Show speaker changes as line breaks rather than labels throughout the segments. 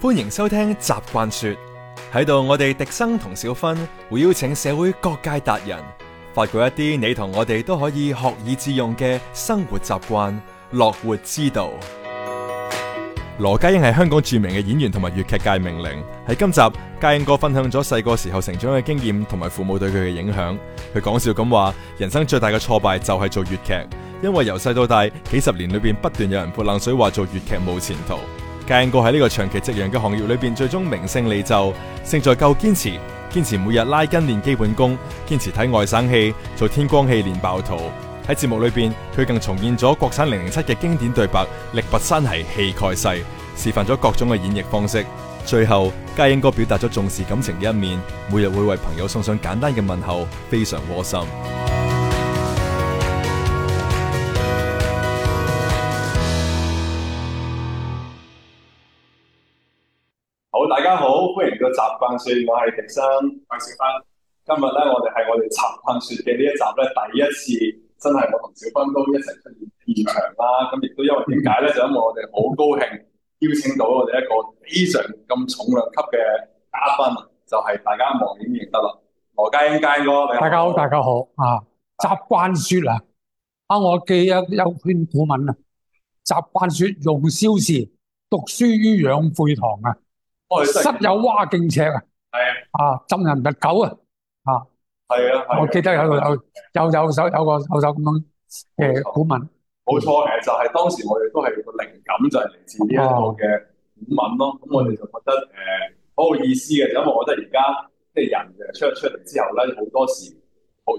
歡迎收聽習慣說，喺度我哋迪生同小芬會邀請社會各界達人，發掘一啲你同我哋都可以學以致用嘅生活習慣、樂活之道。羅家英係香港著名嘅演員同埋粵劇界名伶。喺今集家英哥分享咗細個時候成長嘅經驗同埋父母對佢嘅影響。佢講笑咁話：人生最大嘅挫敗就係做粵劇，因為由細到大幾十年裏邊不斷有人潑冷水話做粵劇冇前途。家英哥喺呢個長期夕陽嘅行業裏邊，最終名勝利就，勝在夠堅持，堅持每日拉筋練基本功，堅持睇外省戲做天光戲練爆肚。喺節目裏邊，佢更重現咗國產零零七嘅經典對白，力拔山兮氣蓋世，示範咗各種嘅演繹方式。最後，家英哥表達咗重視感情嘅一面，每日會為朋友送上簡單嘅問候，非常窩心。大家好，歡迎到習慣説，我係廸生，介小芬。今日咧，我哋係我哋習慣説嘅呢一集咧，第一次真係我同小芬都一齊出現現場啦。咁亦都因為點解咧？就因為我哋好高興邀請到我哋一個非常咁重量級嘅嘉賓，就係、是、大家望點認得啦？羅家英家英哥你，大家好，
大家好啊！習慣説啊，啊，我記得有一篇古文啊，習慣説蓉少時，讀書於養晦堂啊。塞有蛙敬尺啊，係啊，啊，針人特狗啊，啊係啊，我記得有度有有有首有個有首咁樣誒古文，
冇錯嘅就係、是、當時我哋都係個靈感就係嚟自呢一個嘅、就是、古文咯。咁我哋就覺得誒好有意思嘅，因為我覺得而家即係人誒出出嚟之後咧，好多時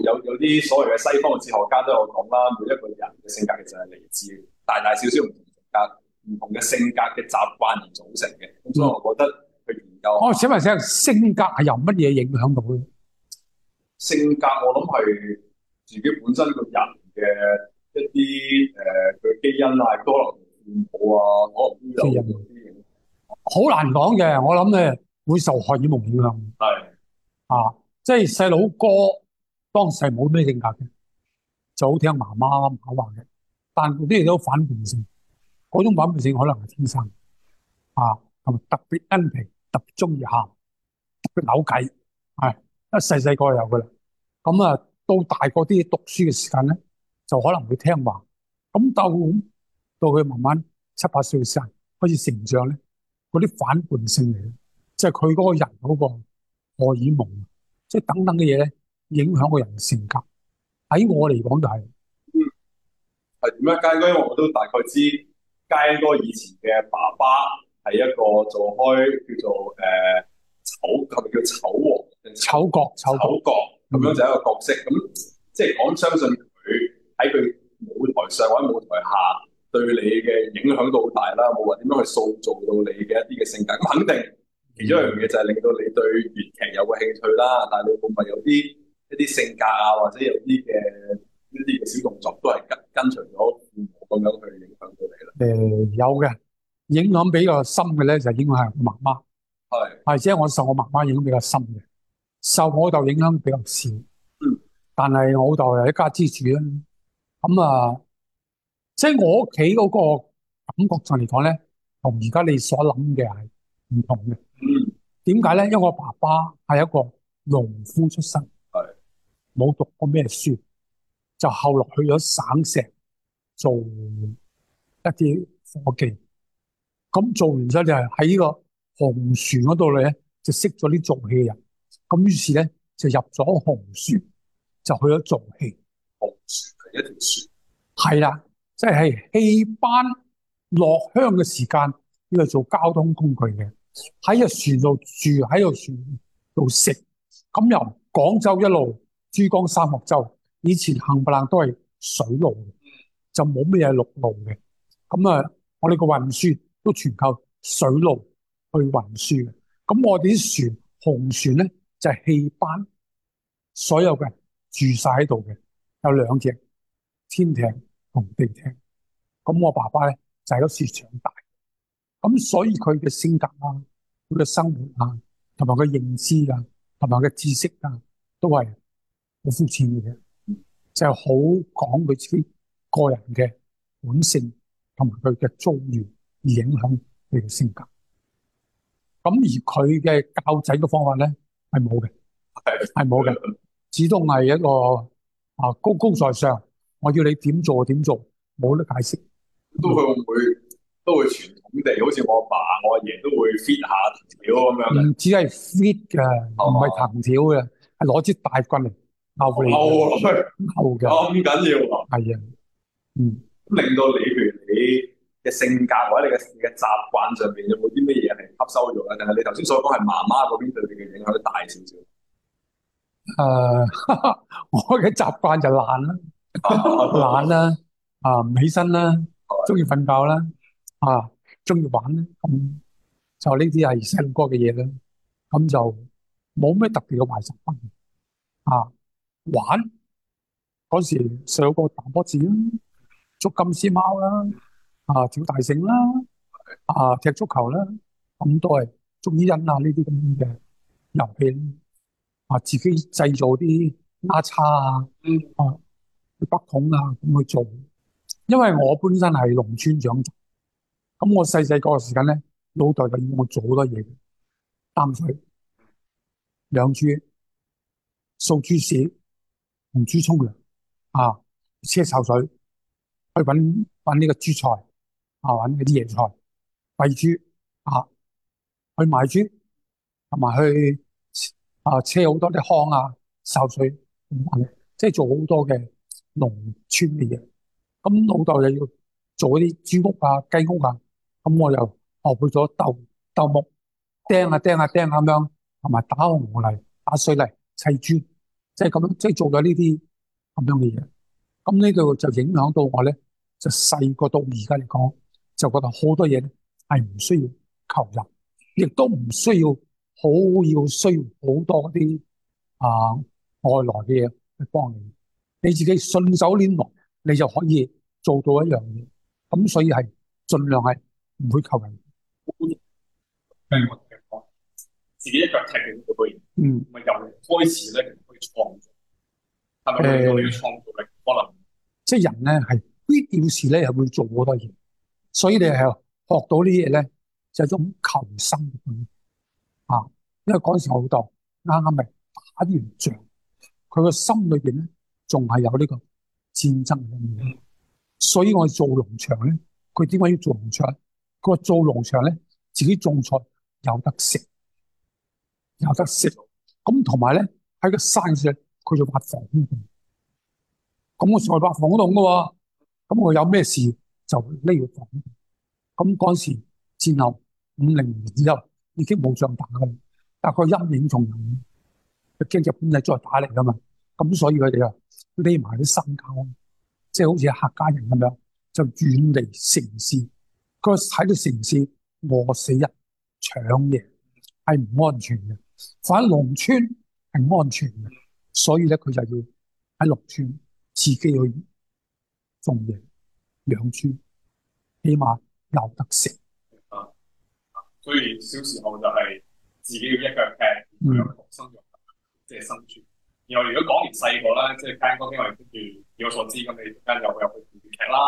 有有啲所謂嘅西方嘅哲學家都有講啦，每一個人嘅性格其實係嚟自大大小小唔同嘅。唔同嘅性格嘅習慣而組成嘅，咁所以我覺得佢研究哦，寫
埋寫性格係由乜嘢影響到咧？性格，
性格我諗係自己本身個人嘅一啲誒，佢、呃、基因多啊，可能父母啊，我唔知有啲嘢
好難講嘅，我諗咧會受荷爾蒙影響，
影
響。係啊，即係細佬哥當時係冇咩性格嘅，就好聽媽媽講話嘅，但嗰啲有反叛性。嗰種反叛性可能係天生啊，同特別奀皮，特別中意喊，特別扭計，係一細細個有噶啦。咁啊，到大個啲讀書嘅時間咧，就可能會聽話。咁到到佢慢慢七八歲嘅時候開始成長咧，嗰啲反叛性嚟咧，即係佢嗰個人嗰個荷爾蒙，即係等等嘅嘢咧，影響個人性格。喺我嚟講就係，嗯，
係點啊？家哥，我都大概知。家英哥以前嘅爸爸係一個做開叫做誒、呃、丑，係咪叫丑王
丑角？丑角
咁樣就係一個角色。咁、嗯、即係講相信佢喺佢舞台上或者舞台下對你嘅影響都好大啦。冇話點樣去塑造到你嘅一啲嘅性格。咁肯定、嗯、其中一樣嘢就係令到你對粵劇有個興趣啦。但係你會唔會有啲一啲性格啊，或者有啲嘅？
呢啲小動作都係跟跟隨咗父母咁樣去影響到你啦。誒，有嘅影響比較深嘅咧，就應該係我媽媽係，或者我受我媽媽影響比較深嘅，受我老豆影響比較少。嗯，但係我老豆又係一家之主啦。咁啊，即係我屋企嗰個感覺上嚟講咧，同而家你所諗嘅係唔同嘅。嗯，點解咧？因為我爸爸係一個農夫出身，係冇讀過咩書。就後來去咗省城做一啲科技。咁做完咗就喺呢個紅船嗰度咧就識咗啲做戲嘅人，咁於是咧就入咗紅船，就去咗做戲。紅船係一條船，係啦，即係戲班落鄉嘅時間呢個做交通工具嘅，喺個船度住，喺個船度食，咁由廣州一路珠江三角洲。以前冚唪唥都係水路，就冇咩嘢陸路嘅。咁啊，我哋個運輸都全靠水路去運輸嘅。咁我哋啲船紅船咧就係戲班所有嘅住晒喺度嘅，有兩隻天艇同地艇。咁我爸爸咧就係嗰時長大，咁所以佢嘅性格啊，佢嘅生活啊，同埋佢認知啊，同埋佢知識啊，都係好膚淺嘅。就係好講佢自己個人嘅本性同埋佢嘅遭遇而影響佢嘅性格。咁而佢嘅教仔嘅方法咧係冇嘅，係冇嘅，始終係一個啊高高在上，我要你點做點做，冇得解釋。
都佢會唔會都會傳統
地，好似我阿爸、我阿爺都會 fit 下藤條咁樣。唔止係 fit 㗎，唔係藤條㗎，係攞支大棍嚟。溝落去，咁緊要啊？係啊，嗯，令到你譬如你嘅性格或者你嘅嘅習慣
上面有冇啲乜嘢係吸收咗啊？定係你頭先所講係媽媽嗰邊對你嘅影響大
少少？誒，我嘅習慣就懶啦，懶啦，啊，唔起身啦，中意瞓覺啦，啊，中意玩啦，咁就呢啲係細路哥嘅嘢啦，咁就冇咩特別嘅壞習慣啊。玩嗰時，細個打波子啦，捉金絲貓啦，啊跳大繩啦，啊踢足球啦，咁都係捉伊人啊，呢啲咁嘅遊戲，啊自己製造啲丫叉啊，啊北桶啊咁去做。因為我本身係農村長，咁我細細個時間咧，老豆就要我做好多嘢，擔水、兩豬、掃豬屎。同豬沖涼啊，車潲水去揾揾呢個豬菜啊，揾啲野菜餵豬啊，去賣豬同埋去啊，車好多啲糠啊、潲水，啊、即係做好多嘅農村嘅嘢。咁老豆又要做嗰啲豬屋啊、雞屋啊，咁我又學會咗鬥鬥木釘啊，釘，啊釘，啊釘啊、釘啊、釘咁樣，同埋打紅泥、打水泥砌磚。即係咁樣，即係做咗呢啲咁樣嘅嘢，咁呢度就影響到我咧，就細個到而家嚟講，就覺得好多嘢係唔需要求人，亦都唔需要好要需要好多啲啊外來嘅嘢去幫你，你自己順手拈來，你就可以做到一樣嘢，咁所以係盡量係唔會求人，跟住我哋講，自己一腳踢佢都可以，嗯，咪
由開始咧。
創作係咪？誒，創
造力、呃、可能
即係人咧，係必要時咧，係會做好多嘢。所以你係學到這些呢啲嘢咧，就係一種求生嘅本能！因為嗰時我老豆啱啱咪打完仗，佢個心裏邊咧，仲係有呢個戰爭嘅面。所以我做農場咧，佢點解要做農場？佢話做農場咧，自己種菜有得食，有得食咁，同埋咧。喺個山上，佢就挖房洞，咁我再挖房洞噶喎。咁我有咩事就匿喺房度。咁嗰陣時戰後五零年之後已經冇仗打啦，但係佢陰影重有，佢驚日本仔再打嚟噶嘛。咁所以佢哋啊，匿埋啲山郊，即係好似客家人咁樣就遠離城市。佢喺啲城市餓死人搶嘢係唔安全嘅，反農村。係安全嘅，所以咧佢就要喺農村自己去種嘢、養豬，起碼有得食啊。
所以小時候就係自己一踢要一腳人劈，嗯，生活即係生存。然後如果講完細個咧，即係聽歌，因為跟住，以我所知咁你中間有入去粵劇啦，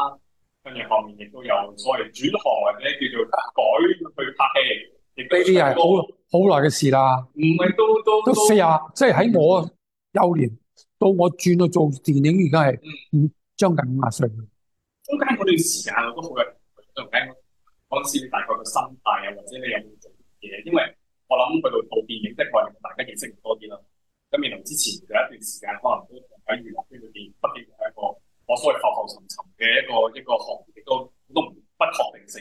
跟住後，後面亦都有所謂轉行或者叫做改去拍
戲。呢啲係好好耐嘅事啦。唔係都都40，都四啊，即係喺我幼年、嗯、到我轉去做電影，現在是 5,、嗯，而家係嗯將近五十歲。
中間嗰段時間我都好有興趣了解嗰時大概個心態啊，或者你有冇做嘢？因為我諗去到做電影，的確大家認識唔多啲啦。咁未來之前嘅一段時間，可能都喺娛樂圈裏邊，畢竟係一個我所謂浮浮沉沉嘅一個一個行業，都好多不確定性。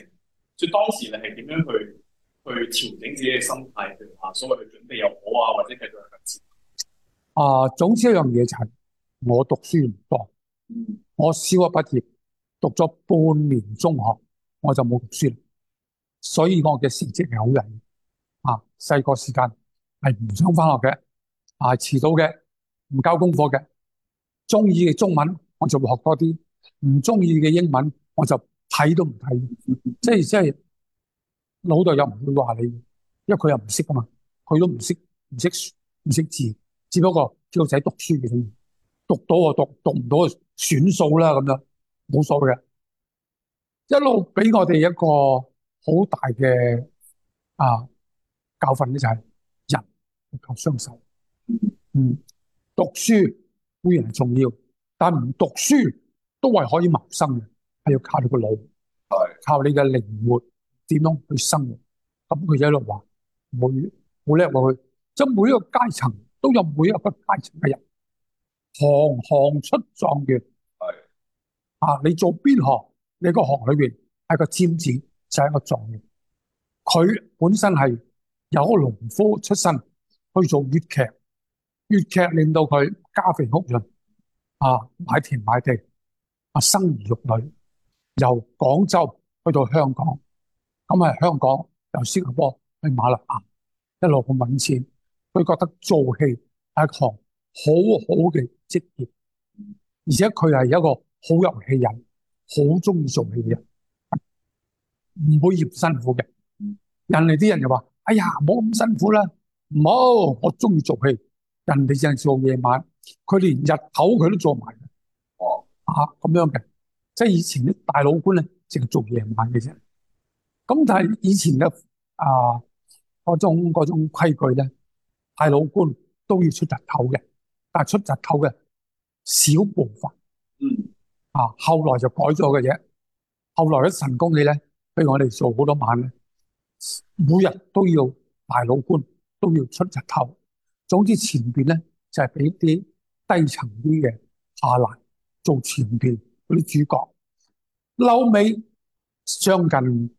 所以當時你係點樣去？去調整自己嘅心態，譬如所謂嘅準備又好啊，或者
繼續向前。啊，總之一樣嘢就係、是、我讀書唔多，我小學畢業讀咗半年中學，我就冇讀書啦。所以我嘅成績係好差啊，細個時間係唔想返學嘅，啊，遲到嘅，唔交功課嘅。鍾意嘅中文我就會學多啲，唔鍾意嘅英文我就睇都唔睇。即係即係。老豆又唔會話你，因為佢又唔識吖嘛，佢都唔識唔識唔識字，只不過細路仔讀書嘅啫，讀到啊讀讀唔到我算數，算數啦咁樣，冇所謂嘅，一路俾我哋一個好大嘅啊教訓咧就係人靠雙手，嗯，讀書固然係重要，但唔讀書都係可以謀生嘅，係要靠你個腦，係靠你嘅靈活。點樣去生活？咁佢就喺度話：每好叻喎佢，即係每一個階層都有每一個階層嘅人，行行出狀元。係啊，你做邊行？你個行裏邊係個尖子，就係個狀元。佢本身係由個農夫出身去做粵劇，粵劇令到佢家肥屋潤啊，買田買地啊，生兒育女，由廣州去到香港。咁喺香港，由新加坡去馬來亞，一路去揾錢。佢覺得做戲係一項好好嘅職業，而且佢係一個好遊戲人，好中意做戲嘅人，唔會嫌辛苦嘅。人哋啲人就話，哎呀，冇咁辛苦啦！唔好，我中意做戲。人哋淨係做夜晚，佢連日頭佢都做埋。哦、啊，咁樣嘅，即係以前啲大老官咧，淨係做夜晚嘅啫。咁就係以前嘅啊，嗰種嗰種規矩咧，大老官都要出日頭嘅，但係出日頭嘅少部分，嗯啊，後來就改咗嘅啫。後來嘅神功戲咧，譬如我哋做好多晚咧，每日都要大老官都要出日頭。總之前邊咧就係俾啲低層啲嘅下欄做前邊嗰啲主角，後尾將近。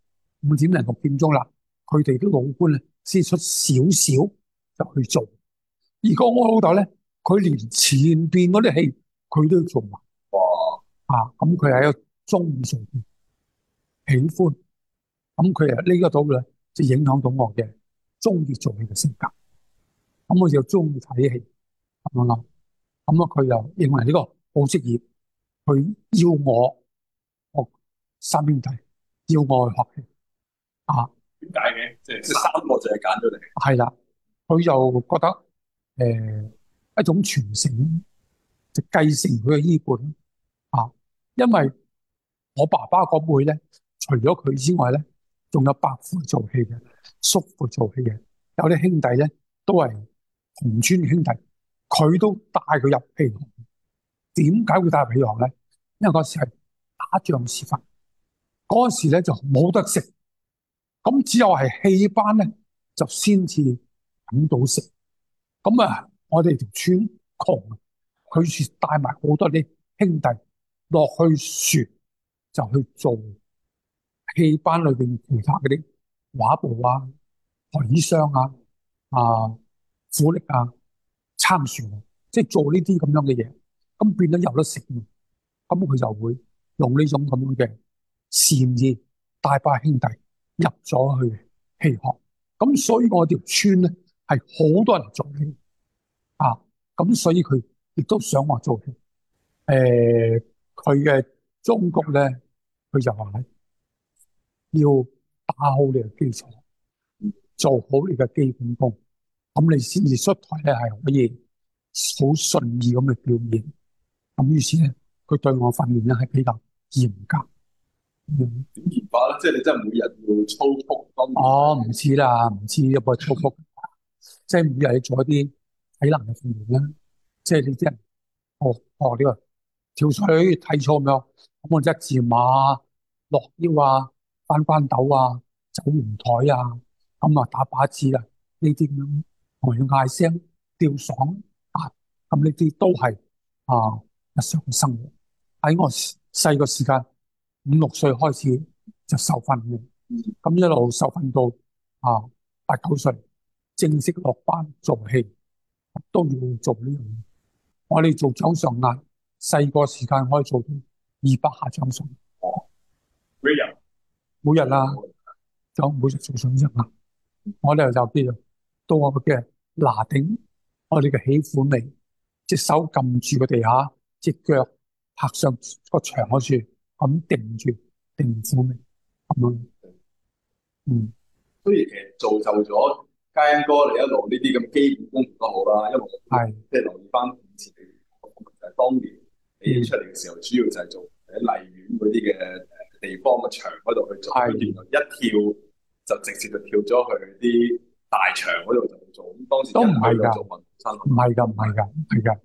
五點零六點鐘啦，佢哋啲老官咧先出少少，就去做而個爸爸呢。而我我老豆咧，佢連前邊嗰啲戲佢都要做埋。哇啊！咁佢係一個中意做戲喜歡，咁佢又呢個度咧，即係影響到我嘅中意做戲嘅性格。咁我就中意睇戲咁樣咁啊，佢又認為呢個好職業，佢要我我三兄弟要我去學戲。啊，
點解嘅？即係三個就係揀
咗你，係啦。佢就覺得誒、呃、一種傳承，就係繼承佢嘅衣缽啊。因為我爸爸嗰輩咧，除咗佢之外咧，仲有伯父做戲嘅，叔父做戲嘅，有啲兄弟咧都係同村兄弟，佢都帶佢入戲行。點解會帶佢入戲行咧？因為嗰時係打仗時分，嗰時咧就冇得食。咁只有係戲班咧，就先至揾到食。咁啊，我哋條村窮，佢是帶埋好多啲兄弟落去船，就去做戲班裏面其他嗰啲畫布啊、行李箱啊、啊苦力啊、撐船，即係做呢啲咁樣嘅嘢，咁變咗有得食。咁佢就會用呢種咁樣嘅善意帶埋兄弟。入咗去戲行，咁所以我條村咧係好多人做戲啊，咁所以佢亦都想我做戲。誒，佢嘅中國咧，佢就話要打好你嘅基礎，做好你嘅基本功，咁你先至出台咧係可以好順意咁嘅表現。咁於是咧，佢對我訓練咧係比較嚴格。點
研化？咧、啊，即係 你真係每日要操腹
訓練哦，唔似啦，唔似有冇操腹，即係每日要做一啲體能嘅訓練啦。即係你啲哦哦呢個跳水體操咁樣，咁我一字馬、落腰啊、翻關斗啊、走圓台啊，咁啊打把子啊，呢啲咁，同埋要嗌聲吊嗓啊，咁呢啲都係啊日常嘅生活喺我細個時間。五六歲開始就受訓嘅，咁一路受訓到啊八九歲正式落班做戲，都要做呢樣嘢。我哋做掌上壓，細個時間可以做到二百下掌上壓。每日每日啦做每日做上一啦，我哋就叫到我嘅拿頂，我哋嘅起虎尾隻手撳住個地下，隻腳拍上個牆嗰處。咁定住，定住命，嗯，所、嗯、以
其實造就咗家英哥你一路呢啲咁基本功都好啦，因為即係留意翻以前，就係當年你出嚟嘅時候，主要就係做喺荔園嗰啲嘅誒地方嘅場嗰度去做，一跳就直接就跳咗去啲大場嗰度就去做。咁當時
都唔係㗎，唔係㗎，唔係㗎，係㗎，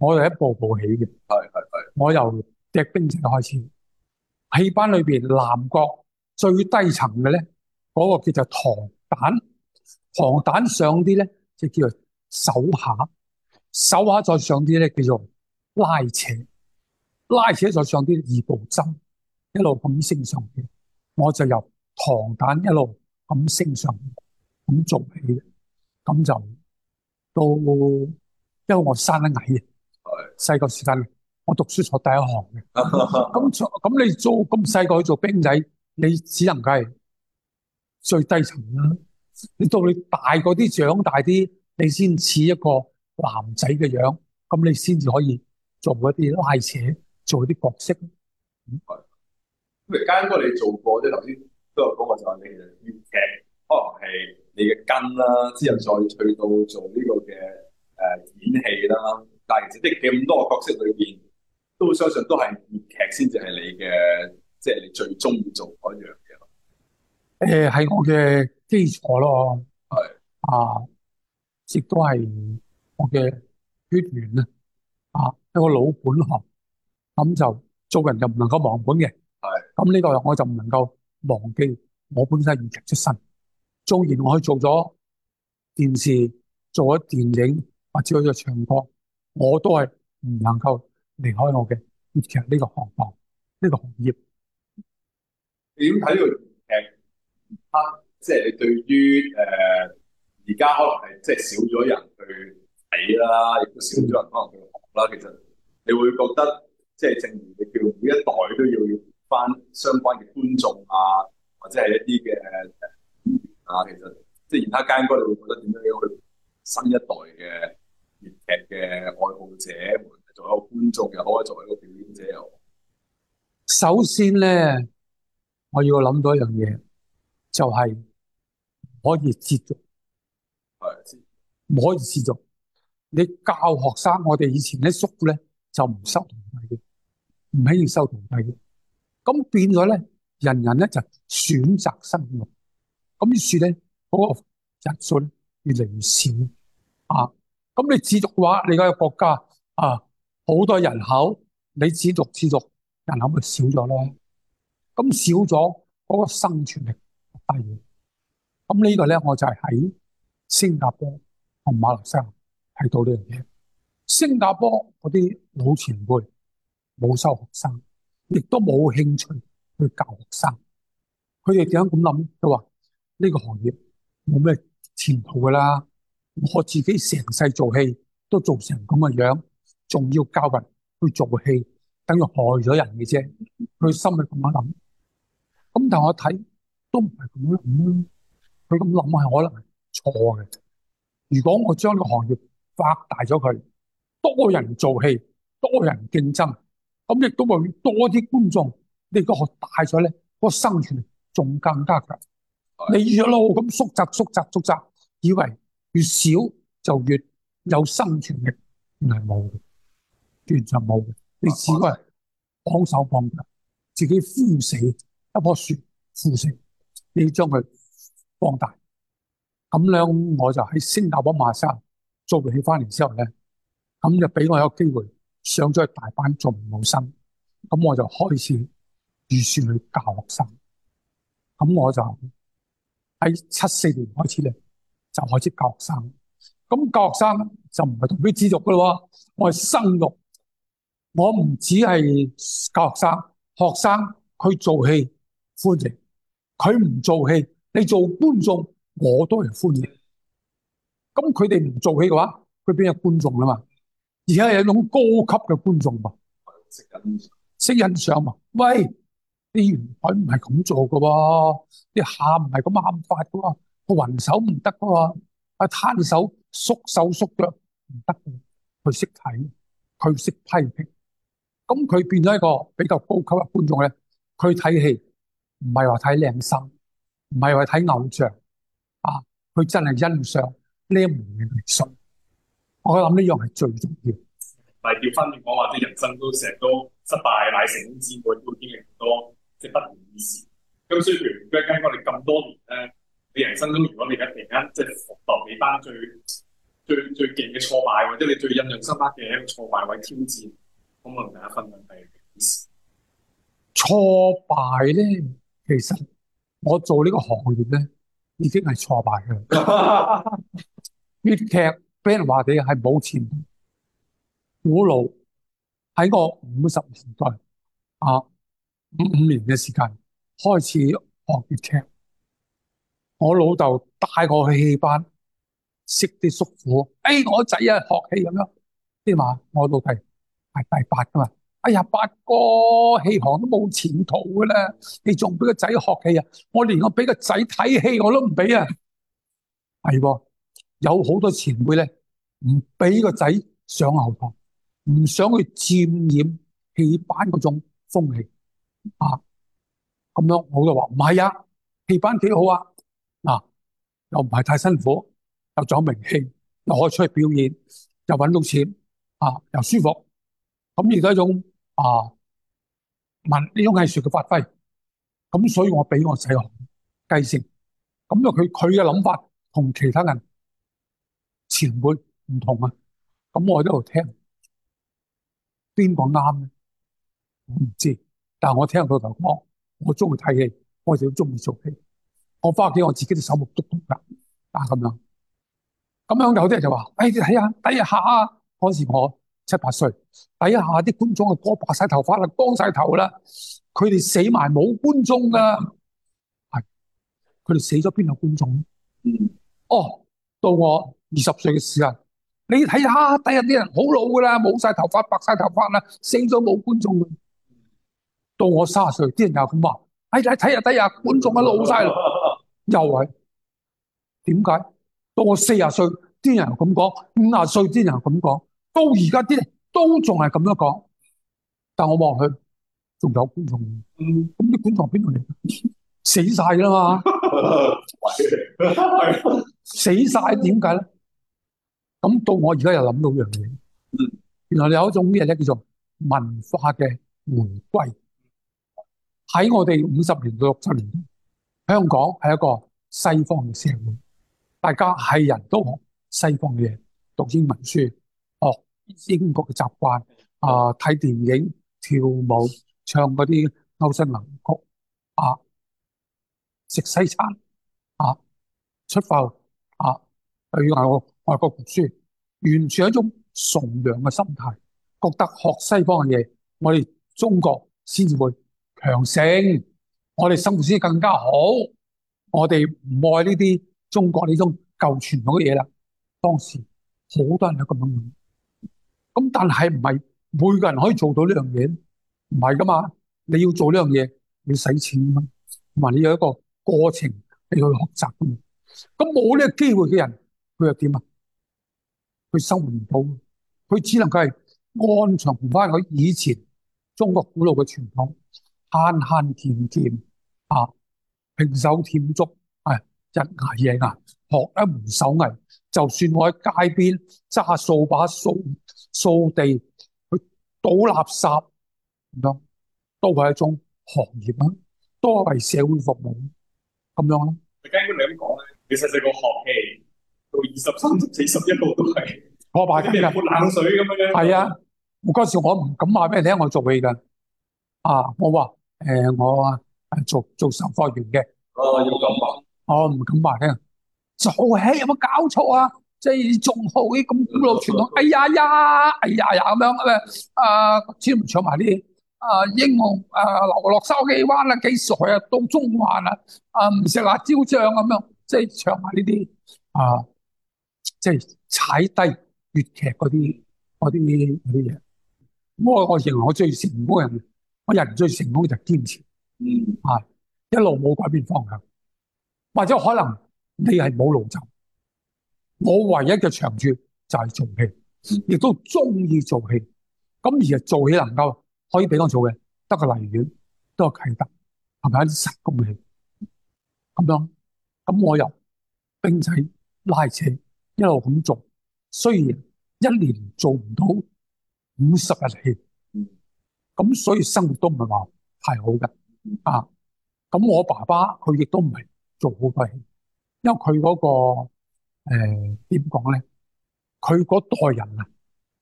我係一步步起嘅，係係係，我由踢冰石開始。戲班裏面南國最低層嘅咧，嗰、嗰個叫做糖蛋，糖蛋上啲咧就叫做手下，手下再上啲咧叫做拉扯，拉扯再上啲二步針，一路咁升上去。我就由糖蛋一路咁升上去，咁做起，咁就到，因為我生得矮嘅，細個時分。我讀書坐第一行嘅，咁坐咁你做咁細個去做兵仔，你只能夠係最低層啦。你到你大個啲，長大啲，你先似一個男仔嘅樣，咁你先至可以做嗰啲拉扯，做嗰啲角色。係，
咁而家應該你做過，即係頭先都有講過，就係你其實粵劇可能係你嘅根啦，之後再去到做呢個嘅誒演戲啦。但係即係咁多個角色裏邊。我都相信
都係粵劇先至係你嘅，即係你最鍾意做嗰樣嘢咯。誒，係我嘅基礎咯，係啊，亦都係我嘅血緣咧啊，一個老本行咁，就做人就唔能夠忘本嘅，係咁呢個我就唔能夠忘記我本身係粵劇出身。縱然我去做咗電視，做咗電影，或者去咗唱歌，我都係唔能夠。離開我嘅粵劇呢個行當，呢、哦這個行業，
你點睇呢個劇？即、啊、係、就是、你對於誒、而、呃、家可能係即係少咗人去睇啦，亦都少咗人可能去學啦。其實你會覺得，即、就、係、是、正如你叫每一代都要翻相關嘅觀眾啊，或者係一啲嘅演員啊。其實即係而家間嘅，你會覺得點樣樣去新一代嘅粵劇嘅愛好者？
仲有觀眾又可以作為一個表演者又。首先咧，我要諗到一樣嘢，就係、是、唔可以接續係，唔可以接續。你教學生，我哋以前啲叔咧就唔收徒弟嘅，唔係要收徒弟嘅。咁變咗咧，人人咧就選擇生育，咁於是咧嗰個人數咧越嚟越少啊。咁你接續嘅話，你個國家啊～好多人口，你指讀指讀，人口咪少咗咧？咁少咗嗰、嗰個生存力就低咗。咁呢個咧，我就係喺新加坡同馬來西亞睇到呢樣嘢。新加坡嗰啲老前輩冇收學生，亦都冇興趣去教學生。佢哋點樣咁諗？佢話呢個行業冇咩前途㗎啦。我自己成世做戲都做成咁嘅樣。仲要教人去做戲，等於害咗人嘅啫。佢心裏咁樣諗，咁但我睇都唔係咁樣。佢咁諗係可能錯嘅。如果我將呢個行業發大咗，佢多人做戲，多人競爭，咁亦都會多啲觀眾。你個學大咗咧，個生存力仲更加強。你越路咁縮窄、縮窄、縮窄，以為越少就越有生存力，原係冇嘅。完全冇嘅，你只係幫手幫腳，自己枯死一樖樹枯死，你要將佢放大咁咧。樣我就喺新加坡馬山做完戲翻嚟之後咧，咁就俾我有機會上咗去大班做文武生，咁我就開始預算去教學生。咁我就喺七四年開始咧，就開始教學生。咁教學生就唔係同佢資育噶咯，我係生物。我唔只係教學生，學生佢做戲歡迎，佢唔做戲，你做觀眾，我都係歡迎。咁佢哋唔做戲嘅話，佢邊有觀眾啦嘛？而家係一種高級嘅觀眾喎。識欣賞嘛？喂，你原本唔係咁做噶喎，啲喊唔係咁喊法噶嘛，個雲手唔得噶嘛，啊攤手縮手縮腳唔得，佢識睇，佢識批評。咁佢變咗一個比較高級嘅觀眾咧，佢睇戲唔係話睇靚身，唔係話睇偶像啊，佢真係欣賞呢一門藝術。我諗呢樣係最重要。
但係掉返轉講話，啲人生都成日都失敗，乃成功之母，會會經歷好多即係、就是、不如意事。咁所以譬如，而家我哋咁多年咧，你人生都如果你，你而家突然間即係浮到你翻最最最勁嘅挫敗，或者你最印象深刻嘅一個挫敗或挑戰。咁
我第一份問題，挫敗咧，其實我做呢個行業咧，已經係挫敗嘅。粵劇俾人話你係冇前途，古老喺我五十年代啊，五五年嘅時間開始學粵劇，我老豆帶我去戲班識啲叔父，誒、哎，我仔啊學戲咁樣，啲嘛，我老弟。係第八噶嘛？哎呀，八哥戲行都冇前途嘅啦！你仲俾個仔學戲啊？我連我俾個仔睇戲我都唔俾啊！係，有好多前輩咧，唔俾個仔上後堂，唔想去沾染戲班嗰種風氣啊！咁樣我就話唔係啊，戲班幾好啊！啊，又唔係太辛苦，又有咗名氣又可以出去表演，又搵到錢啊，又舒服。咁而家一種啊文呢種藝術嘅發揮，咁所以我俾我細路繼承，咁就佢佢嘅諗法同其他人前輩唔同啊，咁我喺度聽邊個啱咧？我唔知，但係我聽佢頭講，我中意睇戲，我就都中意做戲，我翻屋企我自己隻手督督㗎，就係咁樣。咁樣有啲人就話：哎、欸，睇下第下下啊，嗰時我。七八歲底下啲觀眾啊，光白晒頭髮啦，光晒頭啦，佢哋死埋冇觀眾噶，係佢哋死咗邊個觀眾？哦，到我二十歲嘅時候，你睇下底下啲人好老噶啦，冇晒頭髮，白晒頭髮啦，死咗冇觀眾。到我三十歲，啲人又咁話，哎呀，睇下底下，底下觀眾啊老晒啦，又係點解？到我四十歲，啲人又咁講，五十歲啲人又咁講。到而家啲都仲係咁樣講，但我望佢仲有觀眾，咁、嗯、啲觀眾邊度嚟？死晒啦嘛， 死晒點解咧？咁到我而家又諗到樣嘢，原來你有一種咩咧叫做文化嘅回歸。喺我哋五十年到六十年代，香港係一個西方嘅社會，大家係人都學西方嘅嘢，讀英文書。學英國嘅習慣，啊，睇電影、跳舞、唱嗰啲歐式民曲，啊，食西餐，啊，出埠，啊，去外國外國讀書，完全係一種崇洋嘅心態，覺得學西方嘅嘢，我哋中國先至會強盛，我哋生活先更加好，我哋唔愛呢啲中國呢種舊傳統嘅嘢啦。當時好多人係咁樣諗。咁但係唔係每個人可以做到呢樣嘢，唔係㗎嘛。你要做呢樣嘢，你要使錢啊嘛。同埋你有一個過程，你要去學習。咁冇呢個機會嘅人，佢又點啊？佢收唔到，佢只能，佢係安藏翻佢以前中國古老嘅傳統，慳慳儉儉啊，平手添足，係日捱夜捱，學一門手藝。就算我喺街邊揸掃把掃。掃地去倒垃圾咁多都係一種行業啊，都為社會服務咁樣咯。你根本嚟講咧，你細
細個學戲到二十三、四十一度都係我白嘅，潑冷水咁樣。係啊，
我嗰時我唔敢話畀你聽我做戲噶啊，我話誒，我係做做售貨員嘅。
哦，有冇咁話，
我唔敢話聽，做戲有冇搞錯啊？即係仲好啲，咁古老傳統，哎呀呀，哎呀呀咁，哎，樣咁啊！啊，專門唱埋啲啊英雄啊，流落筲箕灣啦，幾傻啊，到中環啦，啊唔食辣椒醬咁樣，即係唱埋呢啲啊，即係踩低粵劇嗰啲嗰啲嗰啲嘢。我我認為我最成功嘅人，我人最成功就係堅持，啊、嗯、一路冇改變方向，或者可能你係冇路走。我唯一嘅長處就係做戲，亦都中意做戲。咁而係做戲能夠可以俾我做嘅，得個荔園，都有啟德，同埋一啲神功嘅咁樣。咁我又兵仔拉車一路咁做，雖然一年做唔到五十日戲，咁所以生活都唔係話太好嘅啊。咁我爸爸佢亦都唔係做好多戲，因為佢嗰個。誒，點講咧？佢嗰代人啊，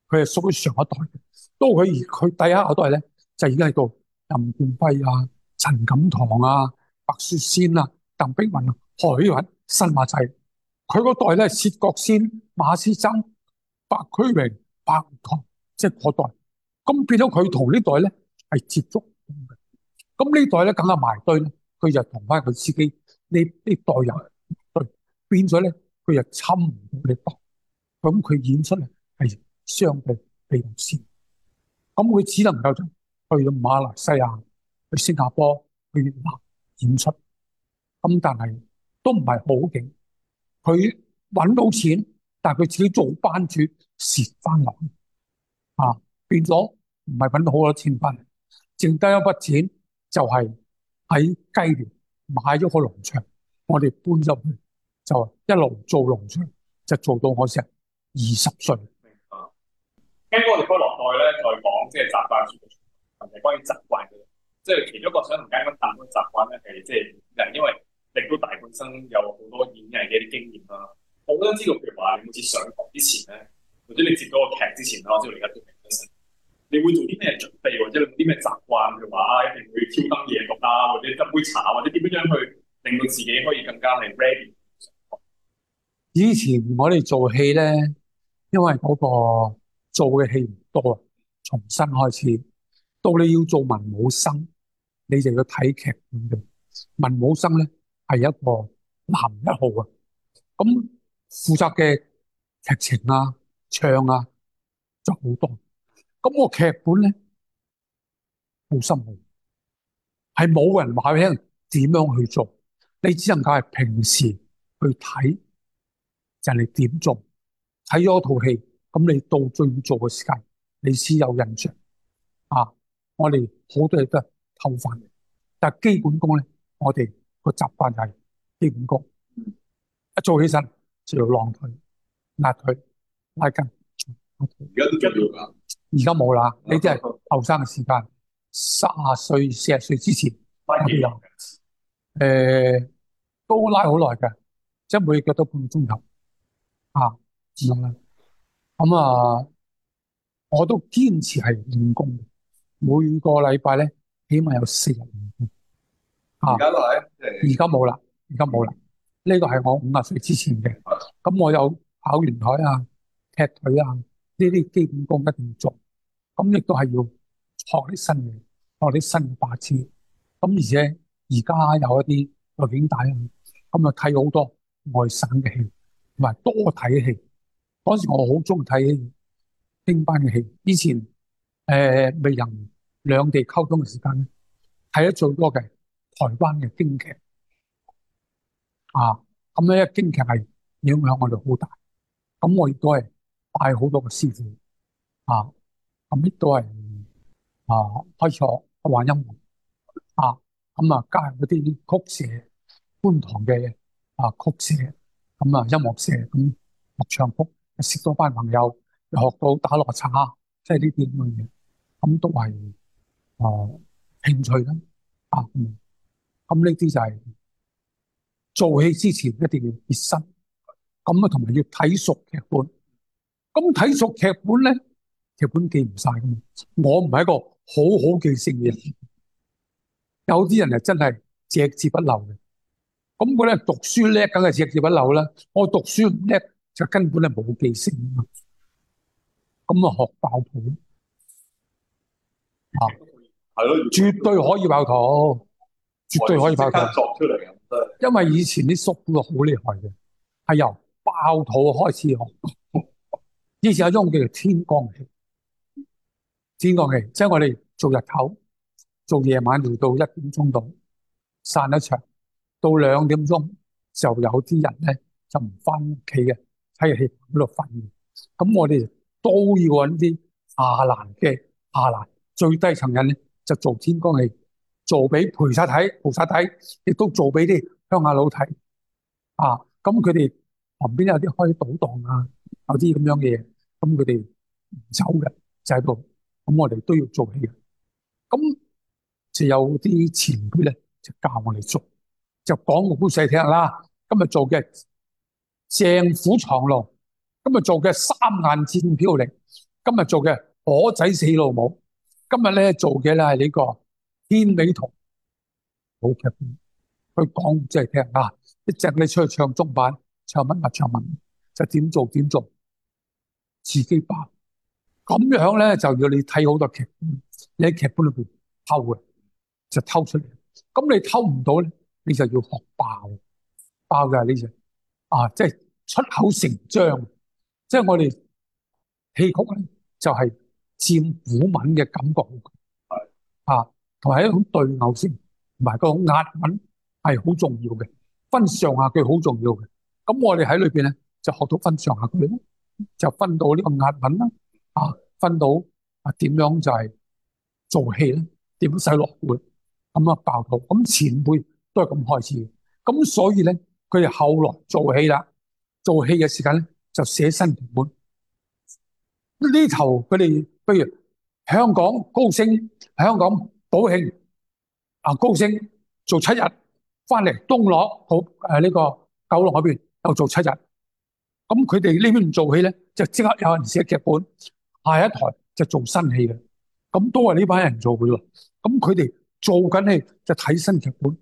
佢係屬於上一代嘅。到佢而佢第一好代咧，就已經喺度任劍輝啊、陳錦棠啊、白雪仙啊、鄧碧雲、啊、何雲、新馬仔。佢嗰代咧，薛覺先、馬師曾、白駒榮、白玉堂，即係嗰代。咁變咗佢同呢代咧係接觸嘅。咁呢代咧，梗係埋堆啦。佢就同翻佢自己，呢呢代人堆變咗咧。佢又侵唔到佢博，咁佢演出嚟係相對比較少，咁佢只能夠去到馬來西亞、去新加坡、去越南演出，咁但係都唔係好勁。佢搵到錢，但係佢自己做班主蝕翻落去，啊，變咗唔係搵到好多錢翻嚟，剩低一筆錢就係喺雞年買咗個農場，我哋搬入去。就一路做農村，就做到我成二十
歲。啊，跟住我落袋咧，再講即係習慣，同埋關於習慣嘅，即係其中一個想同街咁大嘅習慣咧，係即係人因為令到大半生有好多演藝嘅啲經驗啦。我覺得知道譬如話，你每次上堂之前咧，或者你接到個劇之前咧，我知道你而家都明，你會做啲咩準備，或者有啲咩習慣嘅話，一定會挑燈夜讀啊，或者執杯茶，或者點樣樣去令到自己可以更加係 ready。
以前我哋做戲咧，因為嗰個做嘅戲唔多，重新開始到你要做文武生，你就要睇劇本。文武生咧係一個男一號啊，咁負責嘅劇情啊、唱啊，就好多。咁個劇本咧好深奧，係冇人話俾人點樣去做，你只能夠係平時去睇。就你點做？睇咗一套戲，咁你到最做嘅時間，你先有印象啊！我哋好多嘢都偷翻嚟，但係基本功咧，我哋個習慣就係基本功。一做起身就要浪佢、壓佢、拉筋。而
家、okay。都
㗎。而家冇啦，你真係後生嘅時間，卅歲、四十歲之前。都有嘅。誒、呃，都拉好耐嘅，即係每腳都半個鐘頭。啊，咁、嗯、啦，咁啊，我都堅持係練功，每個禮拜咧起碼有四日練功。啊，而家都係，而家冇啦，而家冇啦。呢個係我五啊歲之前嘅，咁我有跑圓台啊、踢腿啊，呢啲基本功一定要做，咁亦都係要學啲新嘅，學啲新嘅八招。咁而且而家有一啲背景帶啊，咁啊睇好多外省嘅戲。同埋多睇戲，嗰時我好中意睇京班嘅戲。以前誒、呃、未人兩地溝通嘅時間咧，睇得最多嘅台灣嘅京劇啊。咁咧，京劇係影響我哋好大。咁我亦都係拜好多嘅師傅啊。咁亦都係啊，開場、啊、玩音樂啊。咁啊，加入嗰啲曲社觀塘嘅啊曲社。咁啊，音樂社咁合唱曲，識多班朋友，學到打落叉，即係呢啲咁嘅嘢。咁都係啊、呃、興趣啦，啊咁呢啲就係、是、做戲之前一定要熱身，咁啊同埋要睇熟劇本。咁睇熟劇本咧，劇本記唔晒噶嘛？我唔係一個好好記性嘅人，有啲人係真係隻字不留嘅。咁佢咧讀書叻，梗係隻字不漏啦。我讀書唔叻，就根本咧冇記性啊。咁啊，學爆肚啊，係咯，絕對可以爆肚，絕對可以爆肚。因為以前啲叔父好厲害嘅，係由爆肚開始學。以前有種叫做天光氣，天光氣即係、就是、我哋做日頭，做夜晚，做到一點鐘度散一場。到兩點鐘就有啲人咧就唔翻屋企嘅，喺戲嗰度瞓。咁我哋都要搵啲下欄嘅，下欄最低層人咧，就做天光戲，做俾菩薩睇、菩薩睇，亦都做俾啲鄉下佬睇啊。咁佢哋旁邊有啲開賭檔啊，有啲咁樣嘅嘢，咁佢哋唔走嘅就喺度。咁我哋都要做戲嘅。咁就有啲前輩咧就教我哋做。就講個故事嚟聽啦。今日做嘅鄭虎藏龍，今日做嘅三眼戰飄零，今日做嘅我仔死老母，今日咧做嘅咧係呢個天尾圖。好劇本，去講即係聽啊。一只你出去唱中版，唱乜物、啊、唱乜，就點做點做，自己爆。咁樣咧就要你睇好多劇本，你喺劇本裏邊偷嘅，就偷出嚟。咁你偷唔到咧？你就要學爆，爆㗎呢場啊！即係出口成章，嗯、即係我哋戲曲咧，就係、是、佔古文嘅感覺，係啊，同埋一種對偶性，同埋個押韻係好重要嘅，分上下句好重要嘅。咁我哋喺裏邊咧，就學到分上下句就分到呢個押韻啦，啊，分到啊點樣就係做戲咧，點使落去咁啊，爆到咁前輩。都係咁開始嘅。咁所以咧，佢哋後來做戲啦，做戲嘅時間咧，就寫新劇本。呢頭佢哋，比如香港高升、香港寶慶啊，高升做七日翻嚟東朗，好誒呢個九龍嗰邊又做七日。咁佢哋呢邊做戲咧，就即刻有人寫劇本，下一台就做新戲嘅。咁都係呢班人做嘅喎。咁佢哋做緊戲就睇新劇本。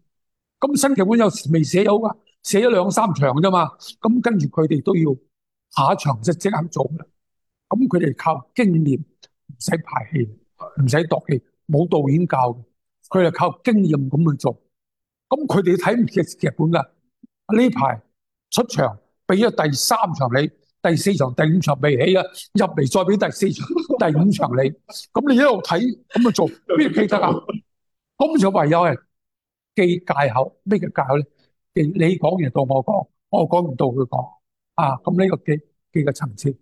咁新劇本有時未寫好㗎，寫咗兩三場啫嘛。咁跟住佢哋都要下一場就即刻做啦。咁佢哋靠經驗，唔使排戲，唔使讀戲，冇導演教，佢就靠經驗咁去做。咁佢哋睇唔識劇本㗎。呢排出場俾咗第三場你，第四場、第五場未起啊，入嚟再俾第四場 第五場你。咁你一路睇咁去做，咩記得啊？咁就唯有係。機界口，咩叫界口咧？你講完到我講，我講唔到佢講，啊咁呢個機機嘅層次，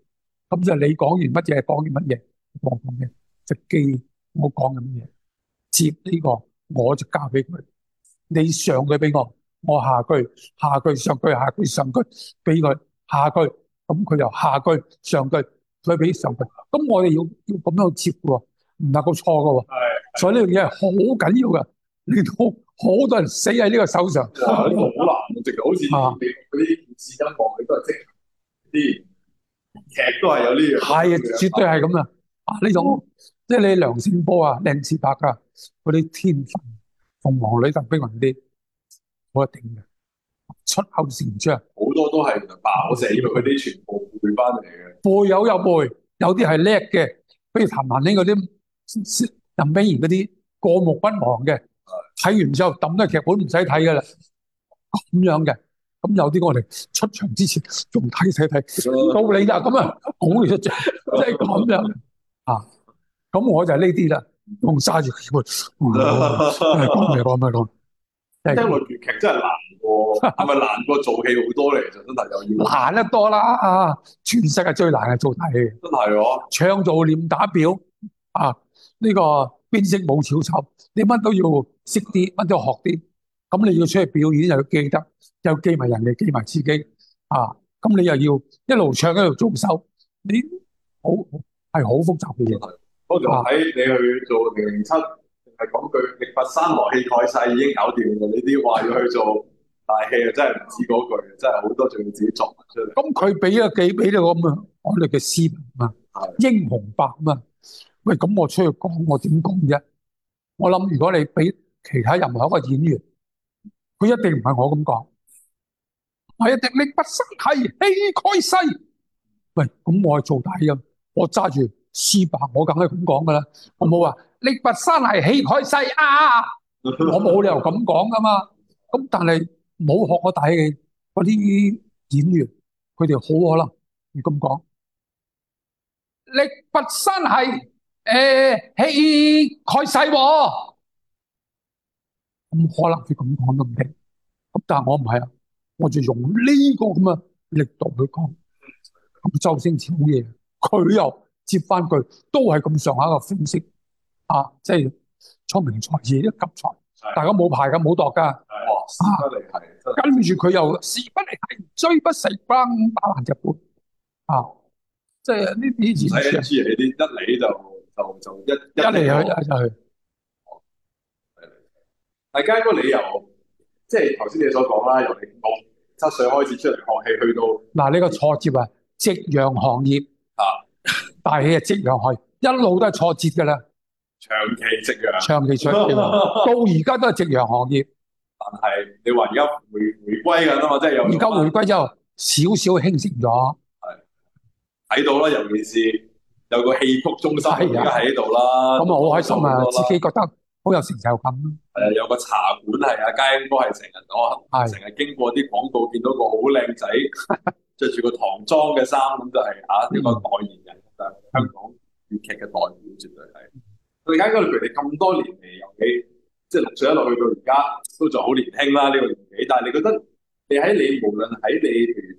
咁就你講完乜嘢，講完乜嘢，講乜嘢，就機我講嘅乜嘢，接呢個我就交俾佢，你上句俾我，我下句，下句上句，下句上句俾佢，下句咁佢又下句上句，佢俾上句，咁我哋要要咁樣接嘅喎，唔係個錯㗎喎，所以呢樣嘢係好緊要嘅，你都。好多人死喺呢個手上，呢個好難嘅。直頭好似
美國嗰啲電視音樂，佢都係即係啲劇都係有呢樣，係絕對係咁
啊！呢種即係你梁醒波啊、靚次伯啊，嗰啲天分，鳳凰女就邊緣啲，冇一定嘅，出口成章。
好多都係爆死，佢啲全部背翻嚟
嘅，背有有背，有啲係叻嘅，比如譚蘭卿嗰啲鄧碧雲嗰啲過目不忘嘅。睇完之後抌低劇本唔使睇噶啦，咁樣嘅，咁有啲我哋出場之前仲睇睇睇，到你啦，咁啊講完出場即係咁樣 啊，咁我就呢啲啦，用沙頁劇本講嚟講咪講，即係粵劇真係難過，
係 咪難過做戲好多咧？其實真係
又難得多啦啊！全世界最難係做大戲，真係我唱做念打表啊呢個。邊識舞小丑？你乜都要識啲，乜都要學啲。咁你要出去表演又要記得，又記埋人哋，記埋自己啊！咁你又要一路唱一路做手，你好係好複雜嘅嘢。嗰
陣喺你去做零零七，定係講句《力拔山兮氣蓋世》已經搞掂㗎。你啲話！要去做大戲啊，真係唔止嗰句，真係好多仲要自己作出
嚟。咁佢俾咗幾俾咗我咪我哋嘅詩啊，英雄白啊。喂，咁我出去講，我點講啫？我諗如果你俾其他任何一個演員，佢一定唔係我咁講，我一定，力拔山兮氣蓋世。喂，咁我係做大戲，我揸住書白，我梗係咁講噶啦。我冇話力拔山兮氣蓋世啊， 我冇理由咁講噶嘛。咁但係冇學過大戲嗰啲演員，佢哋好可能要咁講，力拔山兮誒，氣蓋世喎，咁可能佢咁講都唔定。咁但係我唔係啊，我就用呢個咁嘅力度去講。咁周星馳好嘢，佢又接翻句，都係咁上下嘅款式啊，即係聰明才智都急才，大家冇牌噶，冇度噶。哇，死得嚟睇，跟住佢又時不利兮，騅不逝兮打爛日本啊！即係呢啲嘢。睇一知嚟
啲，一嚟就。就一一嚟又一嚟又去，
大家
嗰個理由，即係頭先你所講啦，由你七歲開始出嚟學戲，去到
嗱呢、這個挫折啊，夕陽行業啊，大戲啊，夕陽去，一路都係挫折噶啦，
長期夕陽，長期挫折，到
而家都係夕陽行業，
但係你話而家回回歸㗎嘛，即係有而家回歸
之後，少少興盛咗，
係睇到啦，尤其是。有個戲曲中心而家喺度啦，咁啊好開心啊！自己
覺得好有成就感咯。
誒、啊，有個茶館係家英哥係成日我成日經過啲廣告見到個好靚仔，着 住個唐裝嘅衫咁，就係啊一、呢個代言人，就香港粵劇嘅代表，絕對係。家英哥，你咁多年嚟尤其，即係陸續一路去到而家都仲好年輕啦呢個年紀，但係你覺得你喺你無論喺你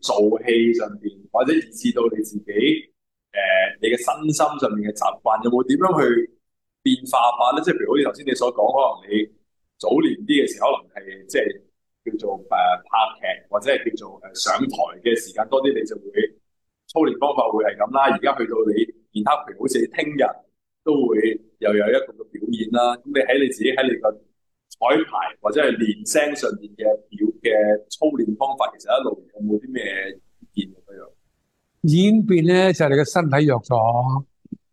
做戲上邊或者以至到你自己。誒、呃，你嘅身心上面嘅習慣有冇點樣去變化化咧？即係譬如好似頭先你所講，可能你早年啲嘅時候，可能係即係叫做誒、啊、拍劇或者係叫做誒、啊、上台嘅時間多啲，你就會操練方法會係咁啦。而家去到你其他，譬如好似你聽日都會又有一個嘅表演啦。咁你喺你自己喺你個彩排或者係練聲上面嘅表嘅操練方法，其實一路有冇啲咩？
演變咧，就係你嘅身體弱咗，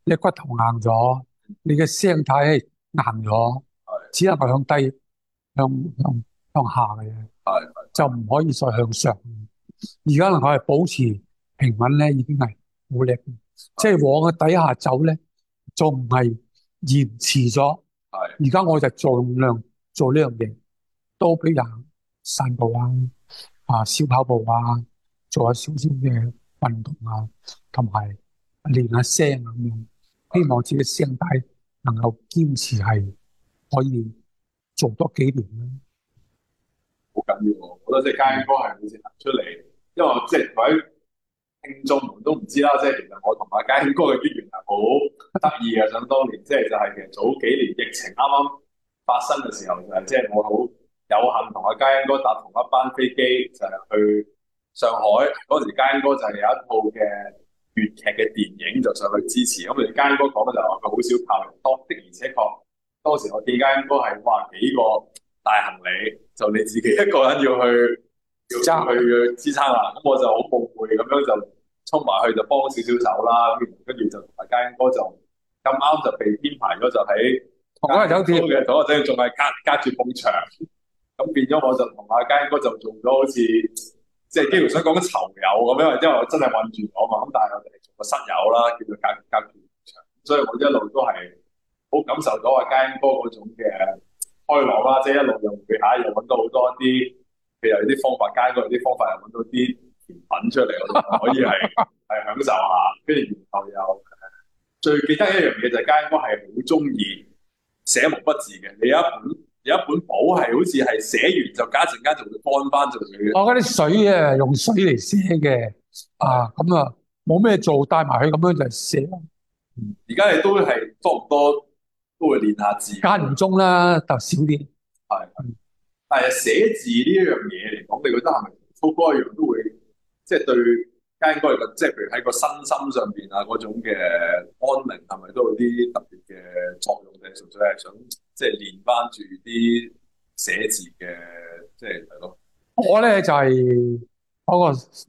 你骨頭硬咗，你嘅聲體硬咗，只能係向低、向向向下嘅，就唔可以再向上。而家能夠係保持平穩咧，已經係好叻，即係往嘅底下走咧，仲唔係延遲咗？係而家我就盡量做呢樣嘢，多俾人散步啊，啊，小跑步啊，做下少少嘅。運動啊，同埋練下聲咁樣，啊，希望自己聲帶能夠堅持係可以做多幾年啦，
啊。好、嗯、緊要喎！我覺得即係家英哥係好似行出嚟，因為即係各位聽眾都唔知啦。即係其實我同阿家英哥嘅結緣係好得意啊。想當年即係就係其實早幾年疫情啱啱發生嘅時候，就係即係我好有幸同阿家英哥搭同一班飛機就係去。上海嗰時，家英哥就有一套嘅粵劇嘅電影就上去支持。咁佢哋家英哥講嘅就話佢好少拍，當的而且確當時我見家英哥係話幾個大行李，就你自己一個人要去要爭去，去支撐啦，咁我就好冒昧，咁樣就衝埋去就幫少少手啦。咁跟住就同阿家英哥就咁啱就被編排咗就喺同，同我係酒店嘅嗰陣仲係隔隔住埲牆，咁變咗我就同阿家英哥就做咗好似。即係幾乎想講啲仇友咁樣，因為我真係困住我嘛。咁但係我哋做個室友啦，叫做隔隔住牆，所以我一路都係好感受到阿家英哥嗰種嘅開朗啦。即係一路用佢，唉、啊，又揾到好多啲，譬如有啲方法，家英哥有啲方法又揾到啲甜品出嚟，我哋可以係係 享受下。跟住然後又最記得一樣嘢就係家英哥係好中意寫毛筆字嘅，你一本。有一本簿係好似係寫完就加陣間就會乾翻，就、哦、水。我
嗰啲水啊，嗯、用水嚟寫嘅。啊，咁啊，冇咩做，帶埋去咁樣就寫。而、
嗯、家你都係多唔多，都會練下字。
間唔中啦，就少啲。
係，但係寫字呢一樣嘢嚟講，你覺得係咪同操哥一樣都會，即、就、係、是、對家英哥嚟講，即、就、係、是、譬如喺個身心上面啊，嗰種嘅安寧係咪都有啲特別嘅作用？定、就是、純粹係想？即係練翻住啲寫字嘅，即係
係咯。我咧就係、是、嗰個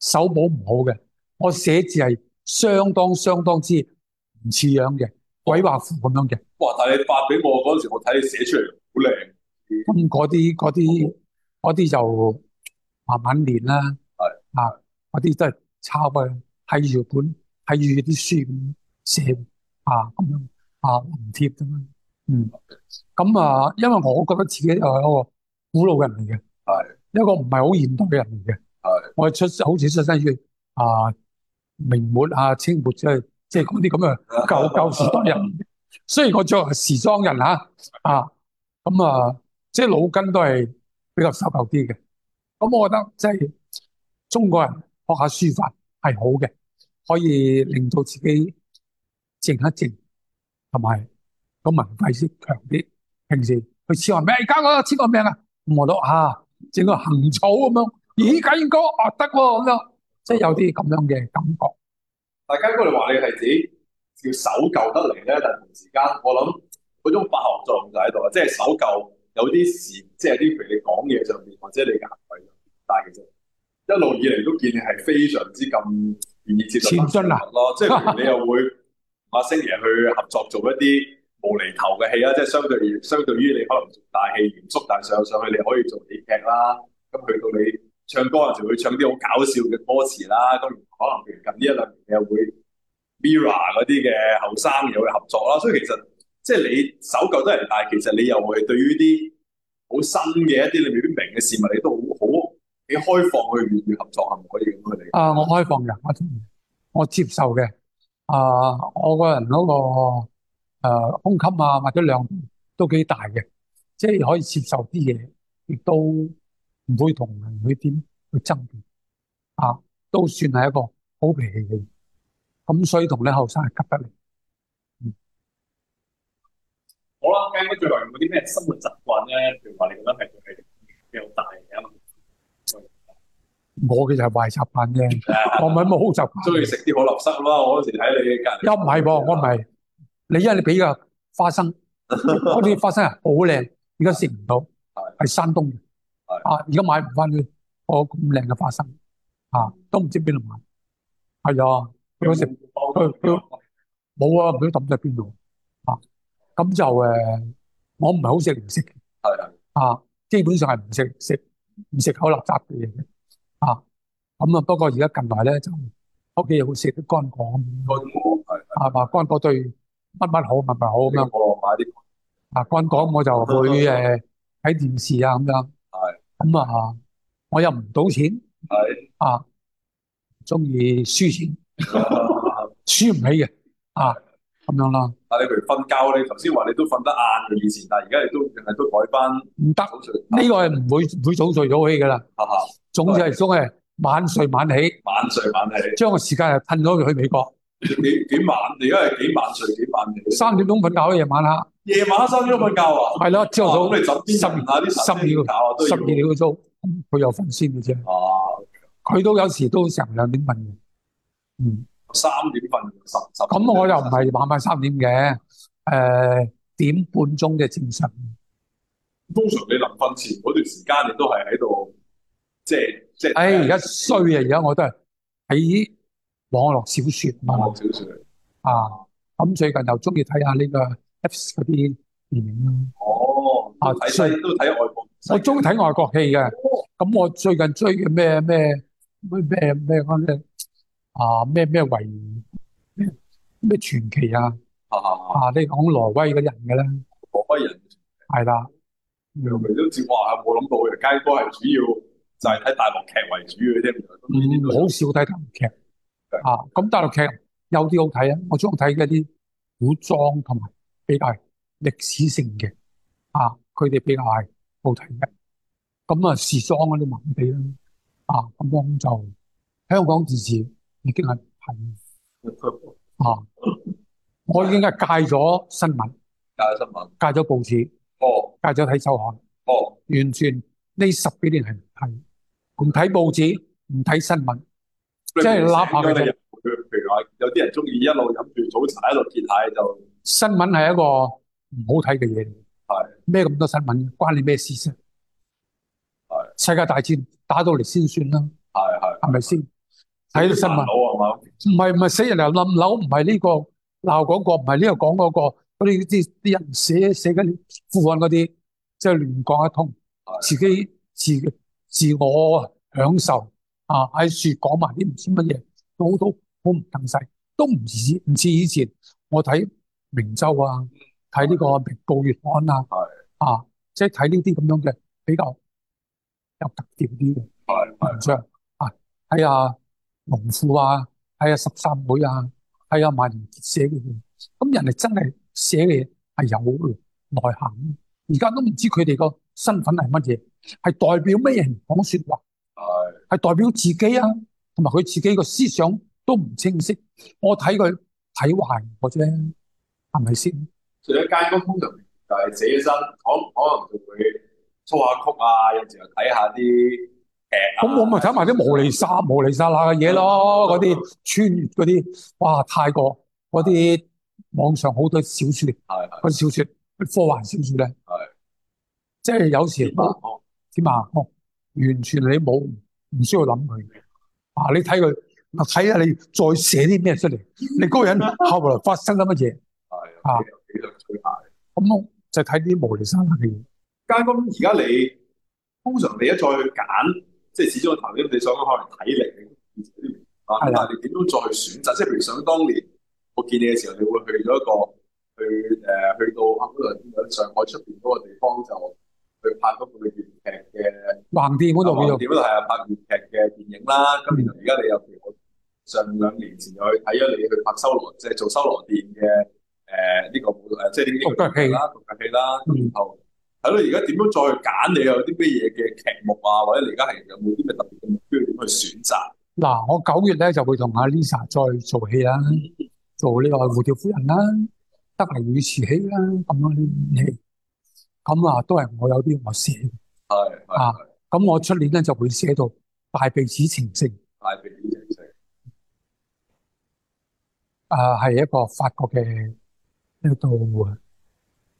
手保唔好嘅，我寫字係相當相當之唔似樣嘅，鬼畫符咁樣嘅。
哇！但係你發俾我嗰時，我睇你寫出嚟好靚。
咁嗰啲嗰啲嗰啲就慢慢練啦。係啊，嗰啲都係抄嘅，係用本，喺用啲書咁寫啊，咁樣啊，唔貼咁樣。嗯，咁啊，因為我覺得自己又係一個古老人嚟嘅，係一個唔係好現代嘅人嚟嘅，係我係出好似出生於啊明末啊清末即係即係嗰啲咁啊舊舊時代人， 雖然我作為時裝人吓啊，咁啊即係、就是、腦筋都係比較守舊啲嘅，咁我覺得即係中國人學下書法係好嘅，可以令到自己靜一靜，同埋。咁文氣識強啲，平時去簽下咩？而家我又簽個名啊！咁我都吓整、啊、個行草咁樣，咦？家英哥哦得喎咁樣，即係有啲咁樣嘅感覺。
大家過嚟話你係指要守舊得嚟咧，但係同時間我諗嗰種化學作用就喺度啊！即係守舊有啲事，即係啲譬如你講嘢上面，或者你嘅行為上，但係其實一路以嚟都見你係非常之咁願意
接受新事物
咯。即係你又會阿、 啊、星爺去合作做一啲。無厘頭嘅戲啦，即係相對於相對於你可能大戲嚴肅大，但上上去你可以做電視劇啦。咁去到你唱歌嗰陣時會唱啲好搞笑嘅歌詞啦。咁可能近呢一兩年你又會 Mirror 嗰啲嘅後生又會合作啦。所以其實即係你守舊嘅人，但係其實你又會對於啲好新嘅一啲你未必明嘅事物，你都好好幾開放去與合作下可以咁佢
哋。啊，我開放嘅，我我接受嘅。啊，我個人嗰、嗰個。誒，胸襟啊，或者量都幾大嘅，即係可以接受啲嘢，亦都唔會同人去點去爭辯啊，都算係一個好脾氣嘅，咁所以同你後生係夾得嚟。嗯，好啦，咁最近有冇啲咩
生活習慣咧？譬如話你覺得係係比
較大嘅問題？我嘅就係壞習慣啫，我冇乜好習慣，中意食啲
好垃圾啦。我嗰時喺你隔，
又唔係噃，我唔係。你因為你俾嘅花生，嗰啲花生啊好靚，而家食唔到，係山東嘅，啊而家買唔翻啲咁靚嘅花生，啊都唔知邊度買，係啊，嗰時佢佢冇啊，唔知抌咗喺邊度，啊咁就誒，我唔係好食唔食嘅，係啦，啊基本上係唔食食唔食口垃圾嘅嘢，啊咁啊不過而家近來咧就屋企又會食啲乾果，啊話乾果對。乜乜好，乜乜好咁、啊、 樣，我買啲啊干股，我就去誒睇電視啊咁樣。係。咁啊，我又唔賭錢。係。啊，中意輸錢，輸 唔 起嘅啊，咁樣啦。啊，但你
譬如瞓覺，你頭先話你都瞓得晏嘅以前，但係而家你都淨係都改翻唔得。
呢、這個係唔會唔會早睡早起噶啦。總之係中係晚睡晚起。 晚睡晚起。將個時間係褪咗佢去美國。
幾幾晚嚟，家係幾晚睡幾
晚睡了三點鐘瞓覺，夜晚黑。夜晚黑三點鐘瞓覺啊？係囉，朝早都係十啲十二點十,十二點嘅鐘份，佢有分先嘅啫。佢都有時都成兩點瞓嘅。嗯，
三點
瞓咁我又唔係晚晚三點嘅，誒、嗯呃，點半鐘嘅正常。
通常你臨瞓前嗰段時間，你都係喺度，即係即
係。哎，而家衰啊！而家我都係喺。網絡小說，網絡小說啊！咁最近又中意睇下呢個 X 嗰啲電影咯。
哦，啊睇西都睇外
國，我中意睇外國戲嘅。咁我最近追嘅咩咩咩咩咩啊咩咩遺咩傳奇啊啊！你講挪威嘅人嘅咧，挪
威
人係啦，楊明
都接話係冇諗到嘅，家英哥係主要就係睇大陸劇為主嘅
啫。嗯，好少睇大陸劇。啊！咁大陸劇有啲好睇啊，我中意睇一啲古裝同埋比較係歷史性嘅啊，佢哋比較係好睇嘅。咁啊，時裝嗰啲冇比啦啊。咁樣就香港電視已經係係啊，我已經係戒咗新聞，
戒咗新聞，
戒咗報紙，哦，戒咗睇週刊，哦，完全呢十幾年係唔睇，唔睇報紙，唔睇新聞。即係攬下佢哋。譬如話
有啲人中意一路飲住早茶，一路見下就。
新聞係一個唔好睇嘅嘢。係咩咁多新聞？關你咩事先？係世界大戰打到嚟，先算啦。係係係咪先睇啲新聞？冇啊嘛。唔係唔係死人嚟冧樓，唔係呢個鬧嗰個，唔係呢度講嗰個，嗰啲啲啲人寫寫緊副刊嗰啲，即係亂講一通，自己自自我享受。啊！喺樹講埋啲唔知乜嘢，都好多好唔精細，都唔似唔似以前。我睇明周啊，睇呢個明報月刊啊，啊，即係睇呢啲咁樣嘅比較有特調啲嘅文章啊，睇阿農婦啊，睇阿、啊、十三妹啊，睇阿、啊、萬人傑寫嘅嘢。咁人哋真係寫嘅嘢係有內涵。而家都唔知佢哋個身份係乜嘢，係代表咩人講說話。係代表自己啊，同埋佢自己個思想都唔清晰。我睇佢睇壞我啫，係咪先？
佢喺間屋度就係寫起身，可能可能同佢操下曲啊。有時候睇下啲誒，
咁我咪睇埋啲魔莉沙、魔、啊、莉沙啦嘅嘢咯。嗰啲穿越嗰啲哇，泰國嗰啲、啊、網上好多小説，嗰、啊、小説、啊、科幻小説咧、啊，即係有時點啊、哦，完全你冇。唔需要諗佢，啊！你睇佢，睇下你再寫啲咩出嚟。你嗰個人後來發生咗乜嘢？係、嗯、啊。咁、嗯、就睇啲無釐生嘅嘢。間咁，而家你
通常你一再去揀，即係始終頭先你想可能睇嚟，啊！但係你點都再去選擇，即係譬如想當年我見你嘅時候，你會去咗一個去誒去到啊嗰個上海出邊嗰個地方就。去拍嗰部嘅粵劇嘅橫店嗰度，橫店嗰度係啊，拍粵劇嘅電影啦。咁、嗯、然後而家你又譬如我上兩年前又去睇咗你去拍修羅，即係做修羅殿嘅誒呢個誒，即係呢啲劇啦，獨角戲啦。咁然後係咯，而家點樣再去揀？你有啲咩嘢嘅劇目啊、嗯？或者你而家係有冇啲咩特別嘅目標去選擇？
嗱，我九月咧就會同阿 Lisa 再做戲啦、嗯，做呢個蝴蝶夫人啦，德齡與慈禧啦，咁多啲戲咁啊，都係我有啲我寫，啊，咁我出年咧就會寫到大《大鼻子情聖》。大
鼻子情
聖啊，係一個法國嘅一度音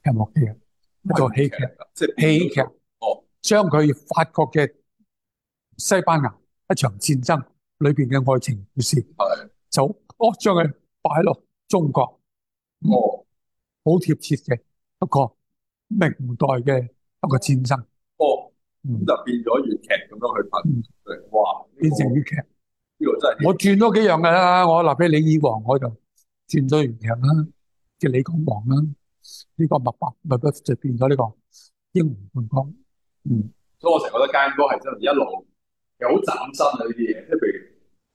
樂劇，一部戲劇，即係喜劇。哦，將佢法國嘅西班牙一場戰爭裏邊嘅愛情故事，係就哦將佢擺落中國，哦好貼切嘅一個。不過明代嘅一個戰爭，
哦，咁就變咗粵劇咁樣去拍，嗯、哇、呢個！變成粵劇
呢、呢個真係我轉咗幾樣㗎啦，我譬如李爾王，我就轉咗粵劇啦，叫李廣王啦，呢、呢個麥白麥白就變咗呢個英雄叛國，嗯，
所以我成日覺得間哥係真係一路有好嶄新啊呢啲嘢，即係譬如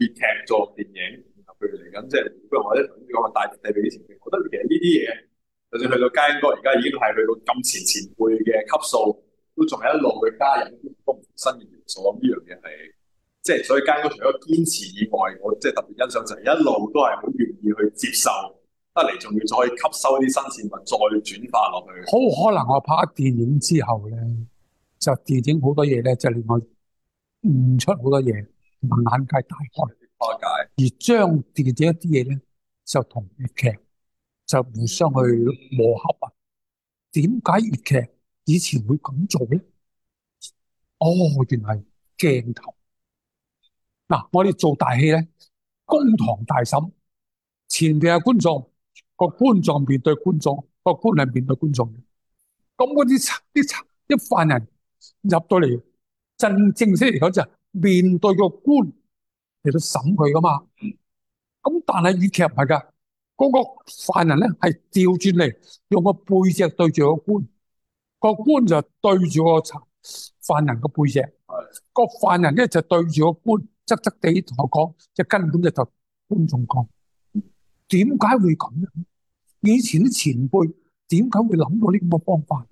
粵劇做電影，譬如嚟緊即係譬如我啲講話大劇嘅呢啲前情，我覺得其實呢啲嘢。就算去到家英哥，而家已經係去到咁前前輩嘅級數，都仲係一路去加入一啲新嘅元素。呢樣嘢係即係所以家英哥除咗堅持以外，我即係特別欣賞就係一路都係好願意去接受得嚟，仲要再吸收啲新事物，再轉化落去。
好可能我拍電影之後咧，就電影好多嘢咧，就令我悟出好多嘢，眼界大開化解、嗯嗯嗯、而將電影一啲嘢咧，就同粵劇。就互相去磨合啊。點解粵劇以前會咁做咧？哦，原嚟鏡頭嗱、啊，我哋做大戲咧，公堂大審，前邊嘅觀眾、個觀眾面對觀眾、個官係面對觀眾，咁嗰啲啲一犯人入到嚟，真正式嚟講就係面對個官嚟到審佢噶嘛。咁但係粵劇唔係噶。嗰個犯人咧係調轉嚟，用個背脊對住個官，個官就對住個犯人個背脊。個犯人咧就對住個官，側側地同我講，即係根本就跟觀眾講，點解會咁？以前啲前輩點解會諗到呢咁嘅方法？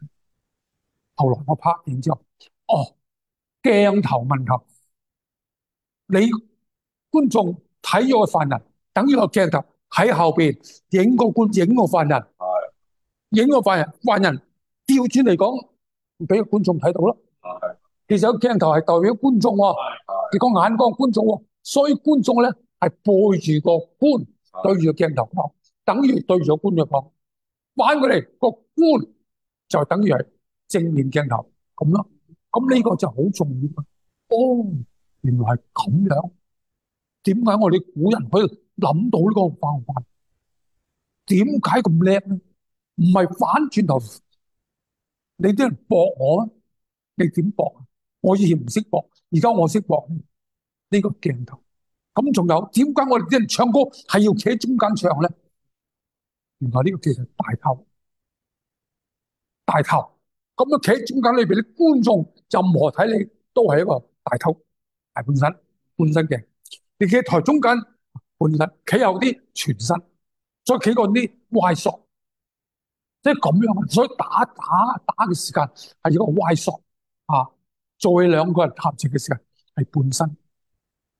後來我拍完之後，哦，鏡頭問題，你觀眾睇咗個犯人，等於個鏡頭。喺後邊影個官，影個犯人，係影個犯人，犯人調轉嚟講，俾個觀眾睇到咯。係其實個鏡頭係代表觀眾喎，你個眼光觀眾喎，所以觀眾咧係背住個官對住個鏡頭講，等於對住個官嘅講。反過嚟個官就等於係正面鏡頭咁咯。咁呢個就好重要。哦，原來係咁樣。點解我哋古人去？諗到呢個方法，點解咁叻咧？唔係反轉頭，你啲人搏我，你點搏？我以前唔識搏，而家我識搏呢個鏡頭。咁仲有，點解我哋啲人唱歌係要企喺中間唱咧？原來呢個叫做大頭，大頭。咁樣企喺中間裏邊，啲觀眾任何睇你都係一個大頭，大半身，半身嘅。你企喺台中間。半身企有啲全身，再企過啲歪索，即係咁樣。所以打打打嘅時間係一個歪索啊，再兩個人合情嘅時間係半身，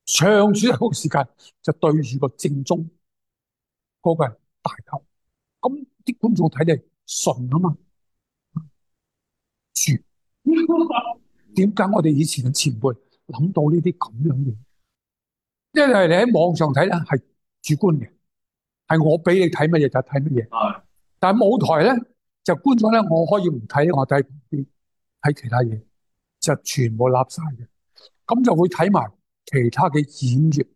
唱住一個時間就對住個正中嗰個人大頭。咁啲觀眾睇你順啊嘛，住點解我哋以前嘅前輩諗到呢啲咁樣嘢？因為你喺網上睇咧，係主觀嘅，係我俾你睇乜嘢就睇乜嘢。但係舞台咧，就觀眾咧，我可以唔睇，我第一睇其他嘢，就全部立晒嘅，咁就會睇埋其他嘅演員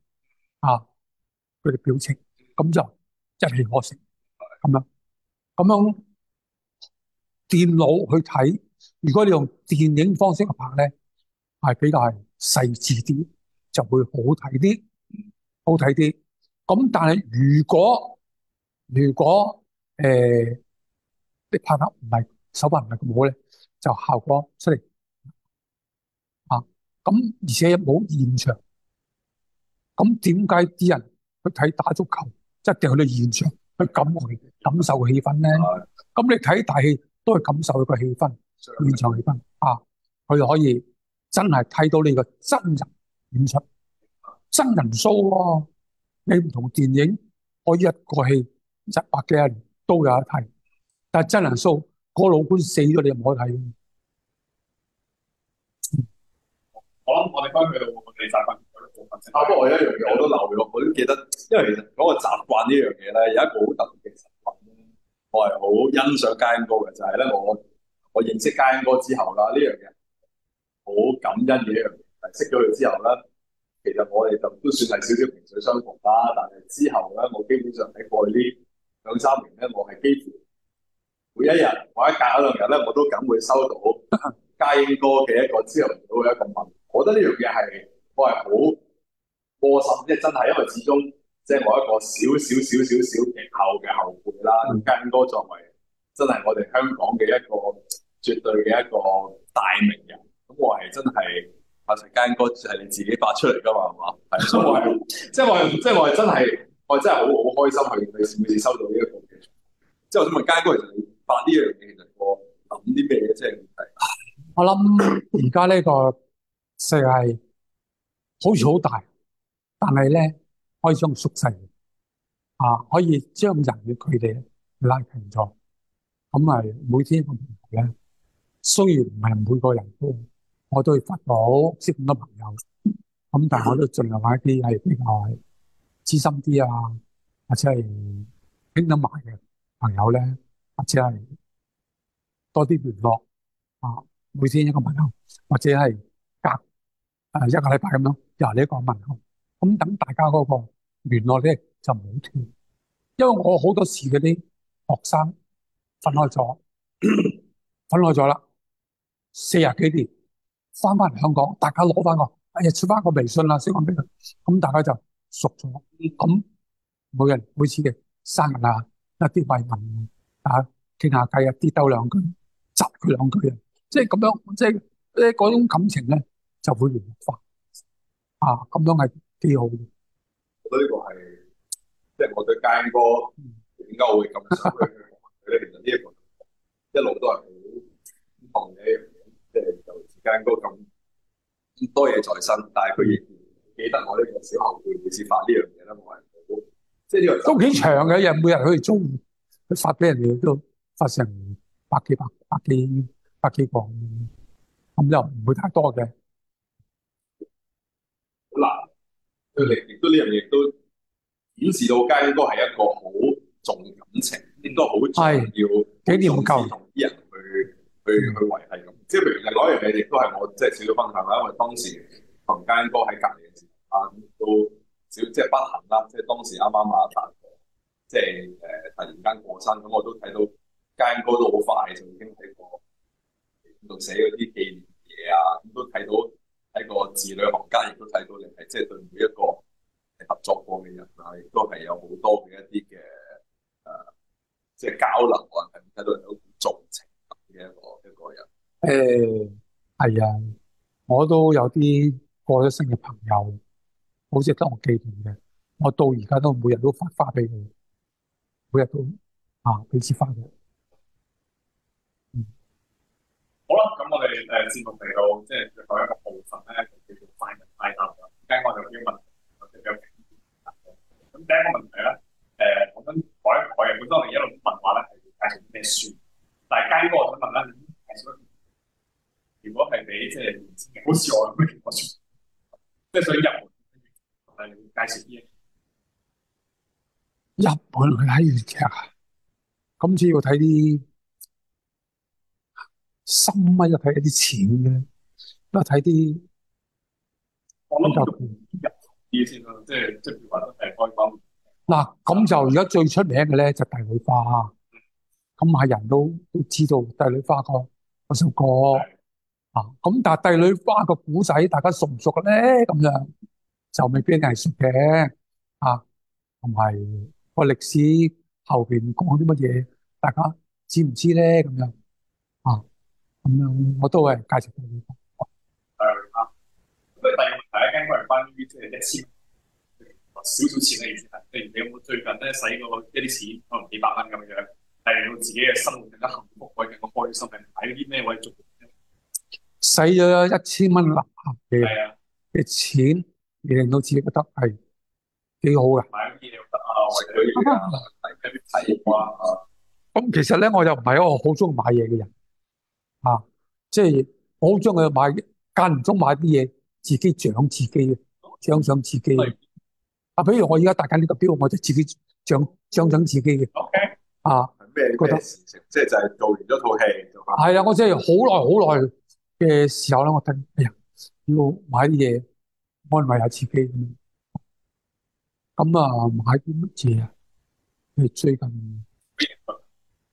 啊、佢哋表情，咁就一氣呵成咁樣，咁樣電腦去睇，如果你用電影方式去拍咧，係比較係細緻啲。就會好睇啲，好睇啲。咁但係如果如果誒啲、呃、拍客唔係手法唔係咁好咧，就效果出嚟啊。咁而且冇現場咁點解啲人去睇打足球一定去到現場去感受氣感受氣氛咧？咁你睇大戲都係感受佢個氣氛，現場氣氛啊，佢就可以真係睇到你個真人。五十真人 show 咯，你唔同電影，我一個戲一百幾廿年都有得睇，但係真人 show 個老官死咗，你又唔可以睇。我
諗我哋翻去就理晒部分。啊，不過我有一樣嘢，我都留落，我都記得，因為其實嗰個習慣呢樣嘢咧，有一個好特別嘅習慣咧，我係好欣賞家英哥嘅，就係咧，我我認識家英哥之後啦，呢樣嘢好感恩嘅一樣嘢。識咗佢之後咧，其實我哋就都算係少少萍水相逢啦。但係之後咧，我基本上喺過去呢兩三年咧，我係幾乎每一日，或者隔一兩日咧，我都梗會收到家英哥嘅一個招唔到嘅一個問題。我覺得呢樣嘢係我係好過心，即係真係，因為始終即係我一個少少少少少幕後嘅後輩啦。嗯，家英哥作為真係我哋香港嘅一個絕對嘅一個大名人，咁我係真係。阿成街哥就係你自己發出嚟㗎嘛？係嘛？即 係 我
即、就是我，就是、我真係，
我真係好好開心去每次收到呢一個嘅。之、就是、我想問街哥，其實
你發呢樣嘢我諗啲咩嘢？即、就、係、是、我諗而家呢個世界好似好大，嗯、但係咧可以將縮細啊，可以將人嘅距離拉近咗。咁係每天一個咧，雖然唔係每個人都。我都會發到識咁多朋友，咁但係我都盡量揾一啲係比較知心啲啊，或者係傾得埋嘅朋友咧，或者係多啲聯絡啊，每天一個問候，或者係隔誒一個禮拜咁樣又嚟一個問候，咁等大家嗰個聯絡咧就唔好斷，因為我好多時嗰啲學生分開咗，分開咗啦，四廿幾年。翻翻嚟香港，大家攞翻個哎呀，出翻個微信啦，先講俾佢，咁大家就熟咗。咁每人每次嘅生日啊，一啲慰問啊，傾下偈啊，一兜兩句，窒佢兩句啊，即係咁樣，即係呢嗰種感情咧，就會融化啊。咁樣係幾好嘅。我覺得呢個係即係我對家英哥點解會咁深入去去咧？其實呢一個一路都係好重
要一樣嘢，即係就。間都咁咁多嘢在身，但係佢亦記得我呢個小學輩，每次發呢樣嘢啦，冇人
即係呢個都幾長嘅日，每日可以中午發俾人哋都發成百幾百百幾百幾個咁，咁又唔會太多嘅，
好難。亦亦都呢樣嘢都顯示到街，應該係一個好重感情，應該好重要，
幾念舊同
啲人去去去維係咁。即係譬如嚟攞完嚟，亦都係我即係少少分享啦。因為當時同家英哥喺隔離嘅時候，都少即係不幸啦。即係當時啱啱揀嘅，即係誒突然間過身咁，我都睇到家英哥都好快就已經睇過報紙嗰啲紀念嘢啊。咁都睇到喺個字裏行間，亦都睇到你係即係對每一個合作過嘅人啊，亦都係有好多嘅一啲嘅誒，即係交流啊。係睇到你好重情嘅一個一個人。誒、嗯，
係啊，我都有啲過咗身嘅朋友，好值得我記住嘅。我到而家都每日都發花俾佢，每日都啊俾支花佢。嗯，好啦，咁我哋誒節目嚟到即係最後一個部
分咧，叫做快問快答啦。聽我有啲問，有冇？咁第一個問題咧，誒、呃，我諗改我改本咁多我哋一路問話咧，係介紹啲咩書？但係間哥我想問咧，如果係你即係年輕嘅，
好似我咁嘅情況，即係想入門，誒，介紹啲嘢，入門佢睇粵劇啊，咁主要睇啲深乜，一睇一啲淺嘅，都睇啲比較入啲先咯。即係
即係話都
係開心嗱。咁就而家最出名嘅咧，就《帝女花》。咁係人都都知道《帝女花》個嗰首歌。啊，咁但係帝女花個古仔，大家熟唔熟咧？咁樣就未必係熟嘅，啊，同埋個歷史後邊講啲乜嘢，大家知唔知咧？咁樣啊，咁樣我都係介紹畀你。啊，咁啊，第二問題應該係關於即係一少少錢咧，啊，例如你有冇最近咧使過一啲錢，可能幾百蚊咁
樣嚟，到自己嘅生活更加幸福，或者更加開心嘅，買啲咩或者做？
使咗一千蚊嘅嘅錢，而令到自己覺得係幾好嘅。
買咁、啊嗯
嗯嗯、其實咧，我又唔係一個好中意買嘢嘅人，啊，即係好中意買間唔中買啲嘢，自己獎自己嘅，獎賞自己嘅。啊，比如我而家戴緊呢個錶，我就自己獎獎賞自己嘅。Okay. 啊，
咩咩事情？即係就係、是、做完咗套戲。
係啊，我真係好耐好耐。嘅時候咧，我突然哎呀要買啲嘢安慰下自己咁啊，買啲乜嘢啊？係最近，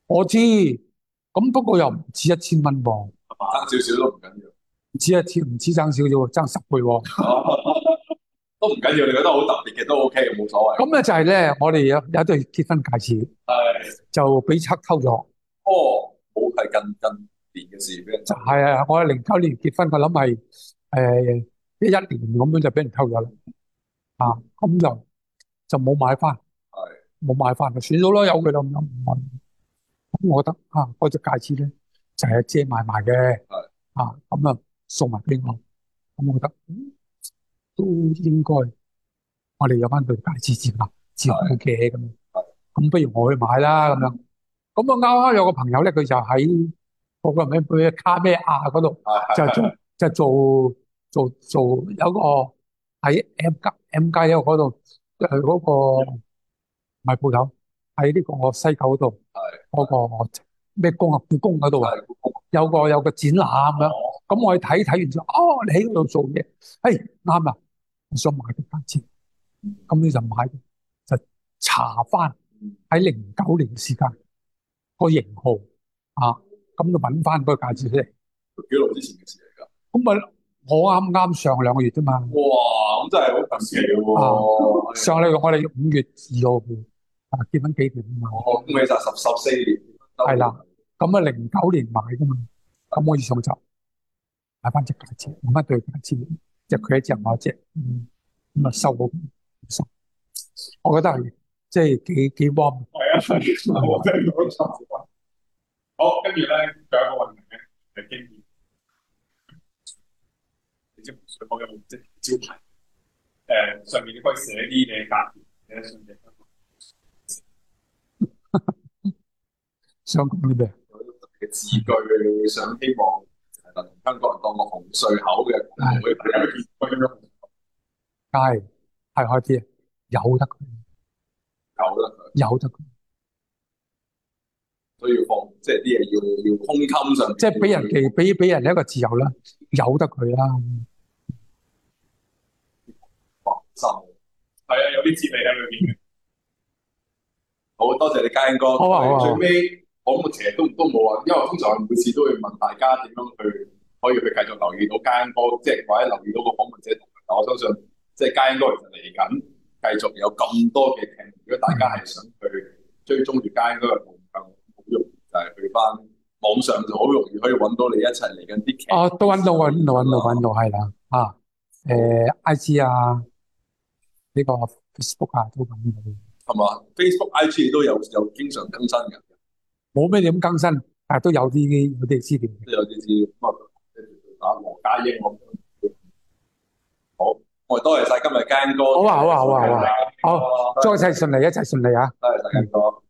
我知，咁不過又唔止一千蚊噃，爭
少少都
唔緊要，唔止一千，唔止爭少少喎，爭十倍喎，
都唔緊要。你覺得好特別嘅都 OK，冇所謂。
咁咧就係咧，我哋有有一對結婚戒指，就俾賊偷咗。
哦，冇係近近。就
係啊。我係零九年結婚的，嘅。我諗係誒一一年咁樣就俾人偷咗啦，啊咁、嗯嗯、就就冇買翻，係冇買翻，就算咗咯，有佢咯咁樣。咁、嗯嗯嗯嗯、我覺得啊，嗰、那、隻、個、戒指咧就係借買埋嘅，的啊咁啊送埋俾我，咁、嗯嗯、我覺得都應該我哋有翻對戒指之嘛，之好嘅咁樣。咁、嗯、不如我去買啦咁樣。咁、嗯、我啱啱有個朋友咧，佢就喺。嗰個名叫卡咩亞嗰度，就做就做做做，有個喺 M 加 M 加優嗰度，誒嗰個賣鋪頭喺呢個我西九嗰度，係嗰個咩故宮嗰度啊，有個有個展覽咁，咁我去睇睇完之後，哦你喺嗰度做嘢，誒啱啦，我想買啲牌子，咁你就買，就查翻喺零九年嘅時間個型號啊。咁就揾翻嗰個價錢出嚟，幾耐之前嘅事嚟噶？咁啊，我啱啱上兩個月啫嘛。哇，
咁真係好
近期喎。上兩個月我哋五月二號結婚，幾年啊？哦，咁你
就十十四
年。係啦，咁啊零九年買噶嘛，咁可以送走買翻隻戒指，冇乜對戒指，就佢一隻我一隻，咁啊收好五十。我覺得係即係幾幾 warm。係啊。
好，跟住咧，
仲有一個運營
嘅經驗，你知紅隧好招牌，誒、嗯、上面你可以寫啲你格言嘅嘢上面。 想講啲咩？嘅字句，你想希望香港人當個紅隧口嘅，同佢大家見面
咁樣。係係開啲有得佢，有得佢，有得佢。
都要放，即係啲嘢，要要空襟上，即係俾人哋
俾俾人一個自由啦，由得佢啦。放
心，係啊，有啲滋味喺裏邊嘅。 好多謝你，家英哥。好、哦、啊。最尾訪問者都都冇啊，因為通常每次都會問大家點樣去可以去繼續留意到家英哥，即係或者留意到個訪問者。但係我相信，即係家英哥其實嚟緊繼續有咁多嘅。如果大家係想去追蹤住家英哥嘅就係去翻網上就好容易可以揾到你一齊嚟
緊啲劇哦，都揾到，揾到，揾到，揾到係啦啊，誒，IG 啊，呢個 Facebook 啊，都揾到，係
嘛？Facebook IG 都有有經常更新嘅，
冇咩點更新，但係都有啲，有啲資料，都有啲資料咁啊。
打羅家英咁，好，我哋多謝晒今日家英哥，好啊，好啊，好啊，好啊，好，
再一齊順利，一齊順利啊！多
謝家英哥。